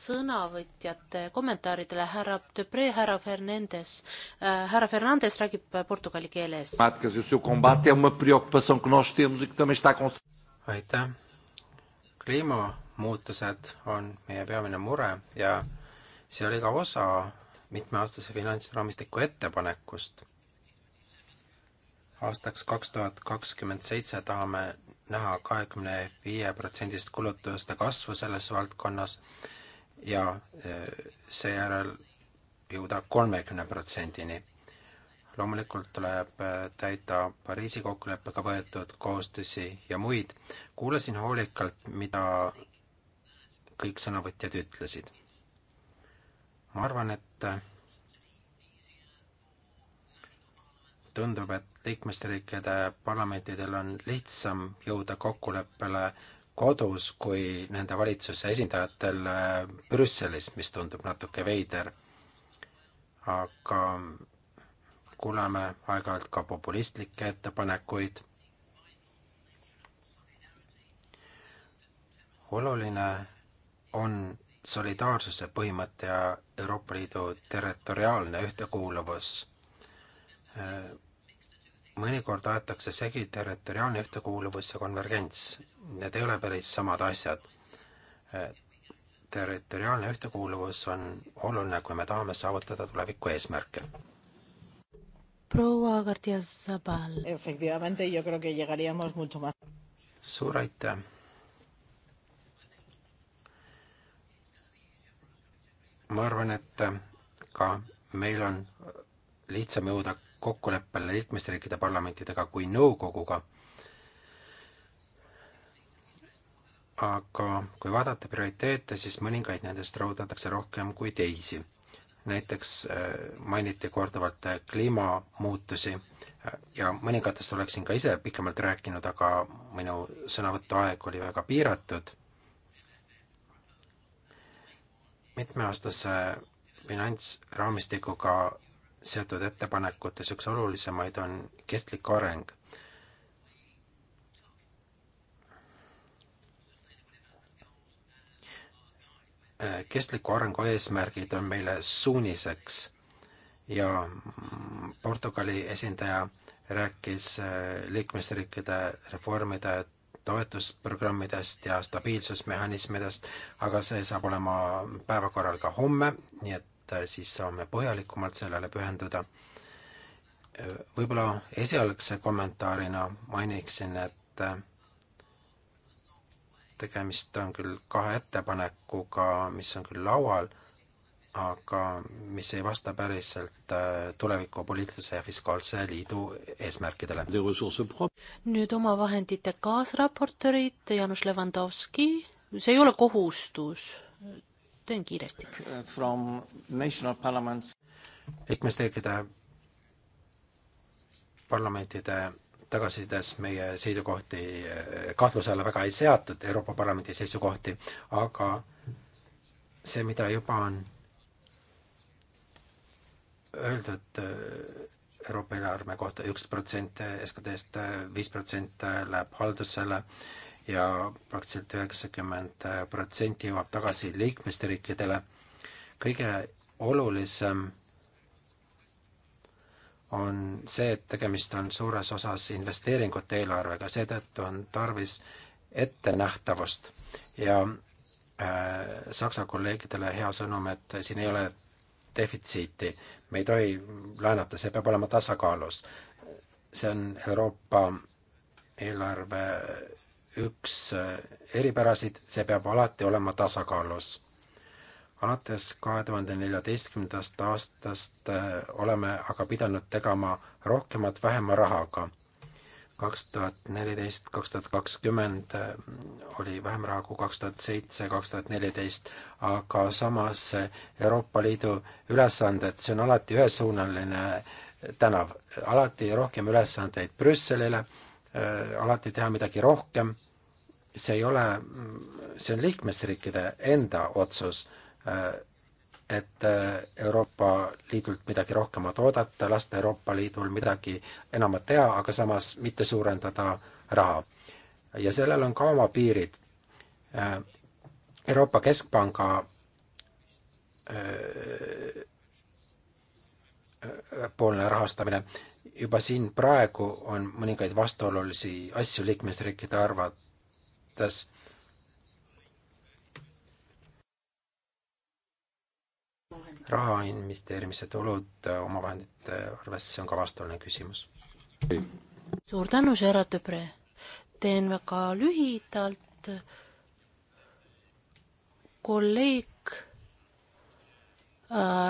sõnavõtjate kommentaaridele, härra Debre, härra Fernandes äh,. härra Fernandes räägib äh, portugali keeles. E aitäh, kliima muutused on meie peamine mure ja see oli ka osa mitmeaastase finantsraamistiku ettepanekust. aastaks kaks tuhat kakskümmend seitse tahame näha kahekümne viie protsendist kulutuste kasvu selles valdkonnas ja eh, seejärel jõuda kolmekümne protsendini. loomulikult tuleb eh, täita Pariisi kokkuleppega võetud kohustusi ja muid. kuulasin hoolikalt, mida kõik sõnavõtjad ütlesid. ma arvan, et äh, tundub, et liikmesriikide parlamentidel on lihtsam jõuda kokkuleppele kodus kui nende valitsuse esindajatel äh, Brüsselis, mis tundub natuke veider. aga kuuleme aeg-ajalt ka populistlikke ettepanekuid. oluline on solidaarsuse põhimõte ja Euroopa Liidu territoriaalne ühtekuuluvus. mõnikord aetakse segi territoriaalne ühtekuuluvus ja konvergents. Need ei ole päris samad asjad. territoriaalne ühtekuuluvus on oluline, kui me tahame saavutada tuleviku eesmärke. proua Gardia Zabal. suur aitäh ma arvan, et äh, ka meil on lihtsam jõuda kokkuleppele liikmesriikide parlamentidega kui nõukoguga. aga kui vaadata prioriteete, siis mõningaid nendest rõhutatakse rohkem kui teisi. näiteks äh, mainiti korduvalt äh, kliimamuutusi ja mõningatest oleksin ka ise pikemalt rääkinud, aga minu sõnavõtuaeg oli väga piiratud mitmeaastase finantsraamistikuga seotud ettepanekutes üks olulisemaid on kestlik areng. kestliku arengu eesmärgid on meile suuniseks ja Portugali esindaja rääkis liikmesriikide reformide toetusprogrammidest ja stabiilsusmehhanismidest, aga see saab olema päevakorral ka homme, nii et äh, siis saame põhjalikumalt sellele pühenduda. Äh, võib-olla esialgse kommentaarina mainiksin, et äh, tegemist on küll kahe ettepanekuga, mis on küll laual aga mis ei vasta päriselt äh, tuleviku poliitilise ja fiskaalse liidu eesmärkidele. nüüd omavahendite kaasraportöörid Jaanus Levandovski, see ei ole kohustus, teen kiiresti. Äh, from national parliaments. liikmesriikide parlamentide tagasisides meie seisukohti äh, kahtluse alla väga ei seatud, Euroopa Parlamendi seisukohti, aga see, mida juba on öeldud äh, Euroopa eelarve kohta üks protsent SKT-st, äh, viis protsenti läheb haldusele ja praktiliselt üheksakümmend äh, protsenti jõuab tagasi liikmesriikidele. kõige olulisem on see, et tegemist on suures osas investeeringute eelarvega, seetõttu on tarvis ettenähtavust ja äh, Saksa kolleegidele hea sõnum, et siin ei ole defitsiiti. me ei tohi laenata, see peab olema tasakaalus. see on Euroopa eelarve üks eripärasid, see peab alati olema tasakaalus. alates kahe tuhande neljateistkümnendast aastast äh, oleme aga pidanud tegema rohkemat vähema rahaga kaks tuhat neliteist, kaks tuhat kakskümmend äh, oli vähem raha kui kaks tuhat seitse, kaks tuhat neliteist, aga samas äh, Euroopa Liidu ülesanded, see on alati ühesuunaline äh, tänav, alati rohkem ülesandeid Brüsselile, alati teha midagi rohkem, see ei ole, mm, see on liikmesriikide enda otsus, et äh, Euroopa Liidult midagi rohkemat oodata, lasta Euroopa Liidul midagi enamat teha, aga samas mitte suurendada raha. ja sellel on ka oma piirid. Äh, Euroopa Keskpanga äh, poolne rahastamine, juba siin praegu on mõningaid vastuolulisi asju liikmesriikide arvates raha investeerimise tulud äh, omavahendite arvesse on ka vastuoluline küsimus. suur tänu, Gerard Debre. teen väga lühidalt. kolleeg äh,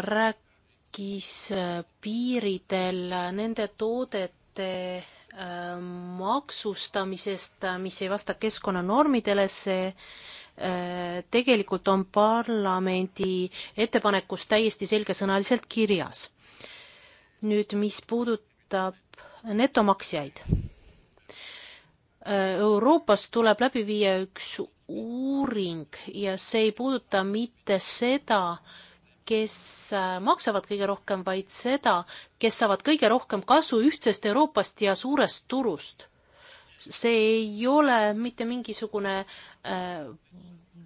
rääkis äh, piiridel nende toodete maksustamisest, mis ei vasta keskkonnanormidele, see Äh, tegelikult on parlamendi ettepanekus täiesti selgesõnaliselt kirjas. nüüd, mis puudutab netomaksjaid. Äh, Euroopas tuleb läbi viia üks uuring ja see ei puuduta mitte seda, kes äh, maksavad kõige rohkem, vaid seda, kes saavad kõige rohkem kasu ühtsest Euroopast ja suurest turust see ei ole mitte mingisugune äh,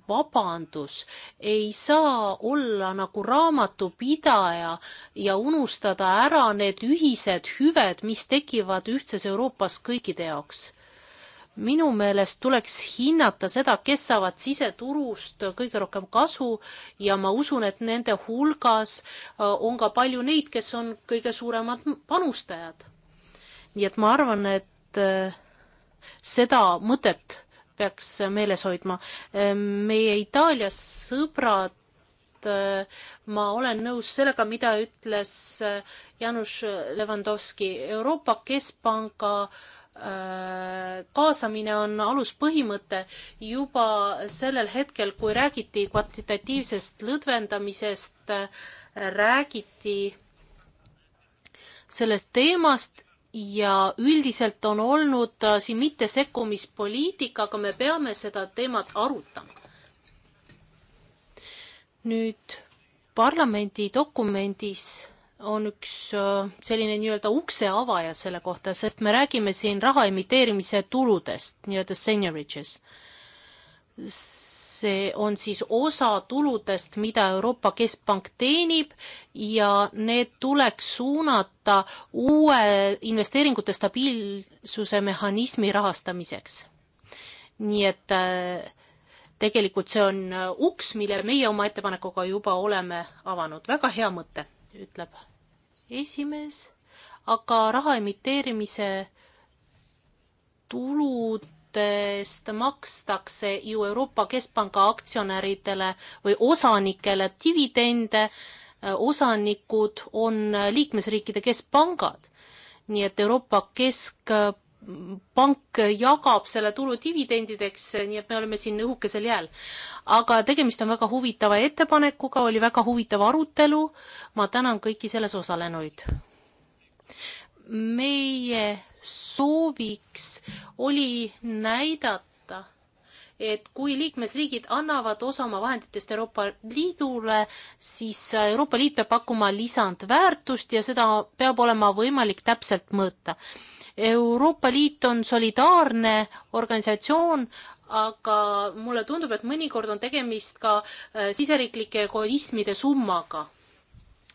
vabandus, ei saa olla nagu raamatupidaja ja unustada ära need ühised hüved, mis tekivad ühtses Euroopas kõikide jaoks minu meelest tuleks hinnata seda, kes saavad siseturust kõige rohkem kasu ja ma usun, et nende hulgas äh, on ka palju neid, kes on kõige suuremad panustajad. nii et ma arvan, et äh, seda mõtet peaks meeles hoidma. Ehm, meie Itaalia sõbrad ehm, ma olen nõus sellega, mida ütles ehm, Janus Levandovski. Euroopa Keskpanga kaasamine on aluspõhimõte juba sellel hetkel, kui räägiti kvantitatiivsest lõdvendamisest, räägiti sellest teemast ja üldiselt on olnud äh, siin mittesekkumispoliitika, aga me peame seda teemat arutama. nüüd parlamendi dokumendis on üks äh, selline nii-öelda ukseavaja selle kohta, sest me räägime siin raha emiteerimise tuludest, nii-öelda senioriges see on siis osa tuludest, mida Euroopa Keskpank teenib ja need tuleks suunata uue investeeringute stabiilsuse mehhanismi rahastamiseks. nii et äh, tegelikult see on äh, uks, mille meie oma ettepanekuga juba oleme avanud. väga hea mõte, ütleb esimees, aga raha emiteerimise tulud tuludest makstakse ju Euroopa Keskpanga aktsionäridele või osanikele dividende, osanikud on liikmesriikide keskpangad. nii et Euroopa Keskpank jagab selle tulu dividendideks, nii et me oleme siin õhukesel jääl. aga tegemist on väga huvitava ettepanekuga, oli väga huvitav arutelu, ma tänan kõiki selles osalenuid. meie sooviks oli näidata, et kui liikmesriigid annavad osa oma vahenditest Euroopa Liidule, siis Euroopa Liit peab pakkuma lisandväärtust ja seda peab olema võimalik täpselt mõõta. Euroopa Liit on solidaarne organisatsioon, aga mulle tundub, et mõnikord on tegemist ka äh, siseriiklike egoismide summaga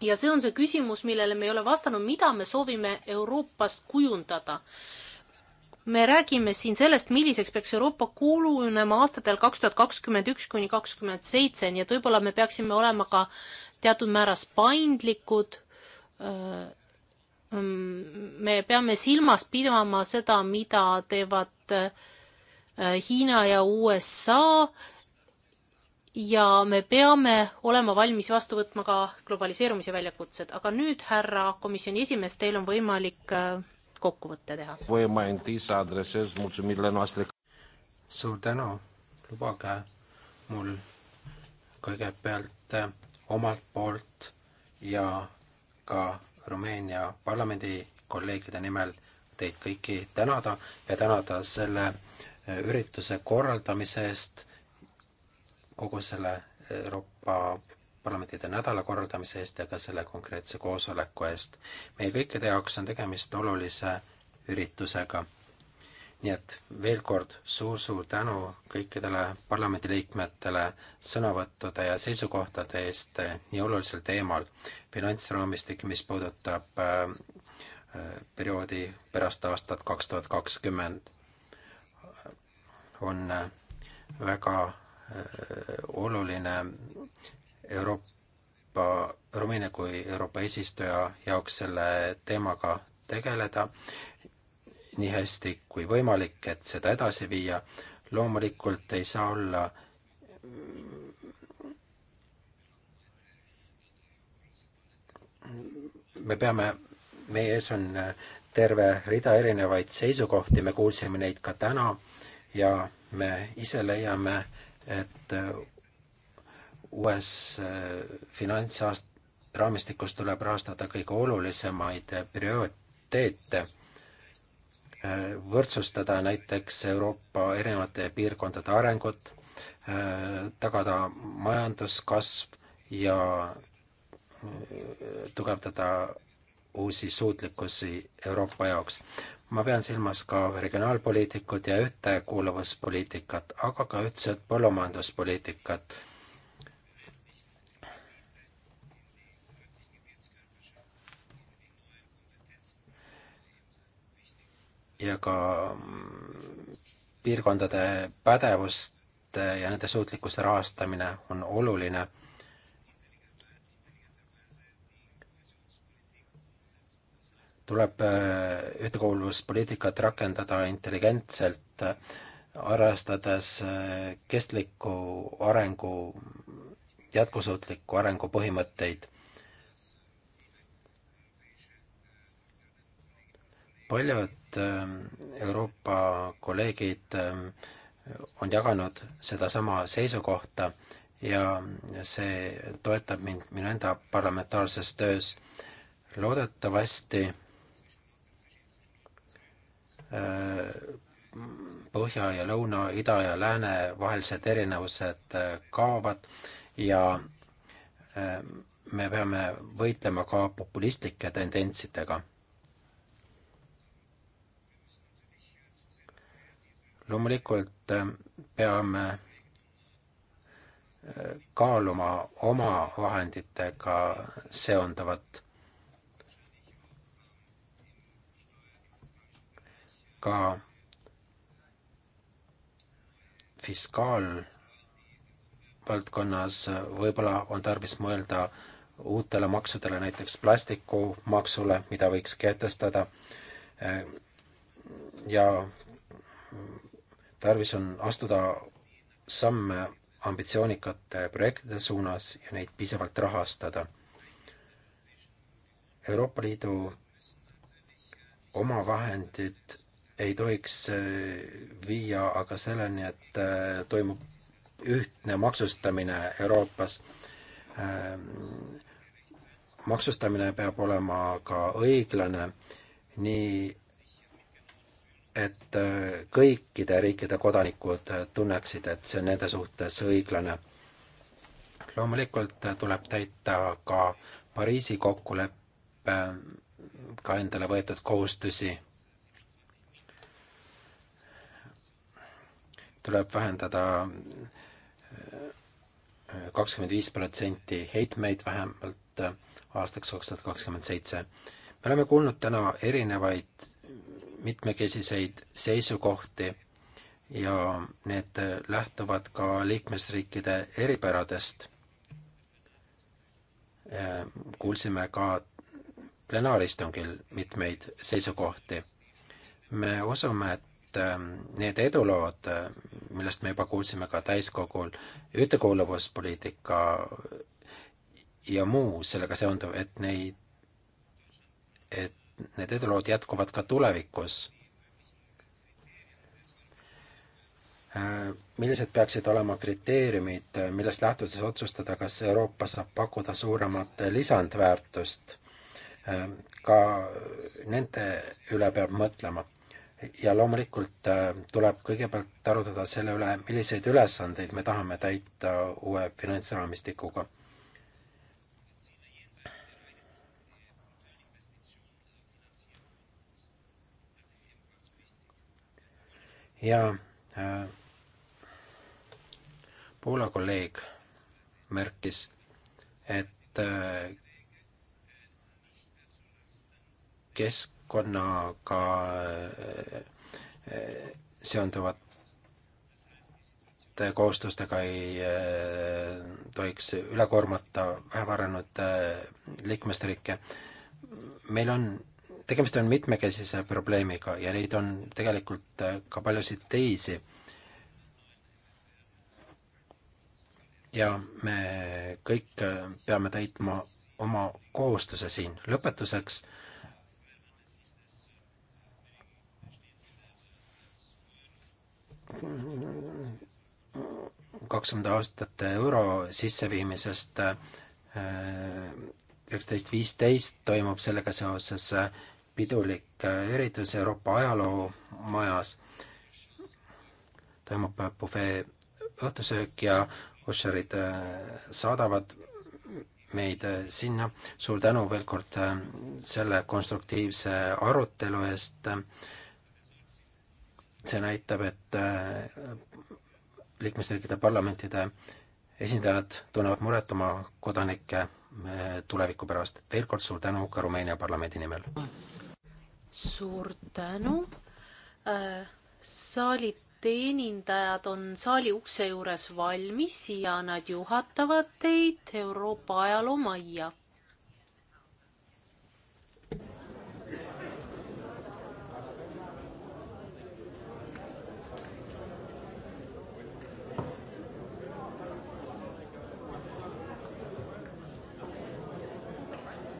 ja see on see küsimus, millele me ei ole vastanud, mida me soovime Euroopast kujundada. me räägime siin sellest, milliseks peaks Euroopa kujunema aastatel kaks tuhat kakskümmend üks kuni kakskümmend seitse, nii et võib-olla me peaksime olema ka teatud määras paindlikud. Mm, me peame silmas pidama seda, mida teevad Hiina ja USA ja me peame olema valmis vastu võtma ka globaliseerumise väljakutsed, aga nüüd, härra komisjoni esimees, teil on võimalik äh, kokkuvõte teha. suur tänu, lubage mul kõigepealt äh, omalt poolt ja ka Rumeenia parlamendi kolleegide nimel teid kõiki tänada ja tänada selle äh, ürituse korraldamise eest kogu selle Euroopa parlamentide nädala korraldamise eest ja ka selle konkreetse koosoleku eest. meie kõikide jaoks on tegemist olulise üritusega. nii et veel kord suur-suur tänu kõikidele parlamendiliikmetele sõnavõttude ja seisukohtade eest nii olulisel teemal, finantsraamistik, mis puudutab äh, äh perioodi pärast aastat kaks tuhat kakskümmend, on äh, väga oluline Euroopa, Rumeenia kui Euroopa eesistuja jaoks selle teemaga tegeleda nii hästi kui võimalik, et seda edasi viia. loomulikult ei saa olla me peame, meie ees on terve rida erinevaid seisukohti, me kuulsime neid ka täna ja me ise leiame, et äh, uues äh, finantsaast-, raamistikus tuleb rahastada kõige olulisemaid äh, prioriteete, võrdsustada näiteks Euroopa erinevate piirkondade arengut, tagada majanduskasv ja tugevdada uusi suutlikkusi Euroopa jaoks ma pean silmas ka regionaalpoliitikat ja ühtekuuluvuspoliitikat, aga ka ühtset põllumajanduspoliitikat. ja ka mm, piirkondade pädevuste ja nende suutlikkuse rahastamine on oluline tuleb äh, ühtekuuluvuspoliitikat rakendada intelligentselt, arvestades äh, kestliku arengu, jätkusuutliku arengu põhimõtteid. paljud ähm, Euroopa kolleegid ähm, on jaganud sedasama seisukohta ja see toetab mind minu enda parlamentaarses töös. loodetavasti Äh, põhja ja lõuna, ida ja lääne vahelised erinevused äh, kaovad ja äh, me peame võitlema ka populistlike tendentsidega. loomulikult peame kaaluma oma vahenditega seonduvat ka fiskaalvaldkonnas võib-olla on tarvis mõelda uutele maksudele, näiteks plastikumaksule, mida võiks kehtestada. ja tarvis on astuda samme ambitsioonikate projektide suunas ja neid piisavalt rahastada. Euroopa Liidu omavahendid ei tohiks äh, viia aga selleni, et äh, toimub ühtne maksustamine Euroopas. Ähm, maksustamine peab olema ka õiglane, nii et äh, kõikide riikide kodanikud tunneksid, et see on nende suhtes õiglane. loomulikult tuleb täita ka Pariisi kokkuleppe ka endale võetud kohustusi tuleb vähendada äh, kakskümmend viis protsenti heitmeid vähemalt äh, aastaks kaks tuhat kakskümmend seitse. me oleme kuulnud täna erinevaid mitmekesiseid seisukohti ja need lähtuvad ka liikmesriikide eripäradest. Äh, kuulsime ka plenaaristungil mitmeid seisukohti. me usume, et Ähm, need edulood, äh, millest me juba kuulsime ka täiskogul, ühtekuuluvuspoliitika ja muu sellega seonduv, et neid, et need edulood jätkuvad ka tulevikus. Äh, millised peaksid olema kriteeriumid, äh, millest lähtudes otsustada, kas Euroopa saab pakkuda suuremat lisandväärtust? ka nende üle peab mõtlema ja loomulikult äh, tuleb kõigepealt arutada selle üle, milliseid ülesandeid me tahame täita uue finantsraamistikuga. ja äh, Poola kolleeg märkis, et äh, kesk valdkonnaga äh, äh, seonduvate kohustustega ei äh, tohiks üle koormata vähem arenenud liikmesriike. meil on, tegemist on mitmekesise probleemiga ja neid on tegelikult ka paljusid teisi ja me kõik peame täitma oma kohustuse siin. lõpetuseks kakskümmend aastat euro sisseviimisest äh, üheksateist viisteist toimub sellega seoses äh, pidulik üritus äh, Euroopa ajaloomajas. toimub bufee õhtusöök ja Usherid saadavad meid sinna. suur tänu veel kord selle konstruktiivse arutelu eest see näitab, et äh, liikmesriikide parlamentide esindajad tunnevad muret oma kodanike äh, tuleviku pärast. veel kord suur tänu ka Rumeenia parlamendi nimel. suur tänu äh,. saali teenindajad on saali ukse juures valmis ja nad juhatavad teid Euroopa ajaloomajja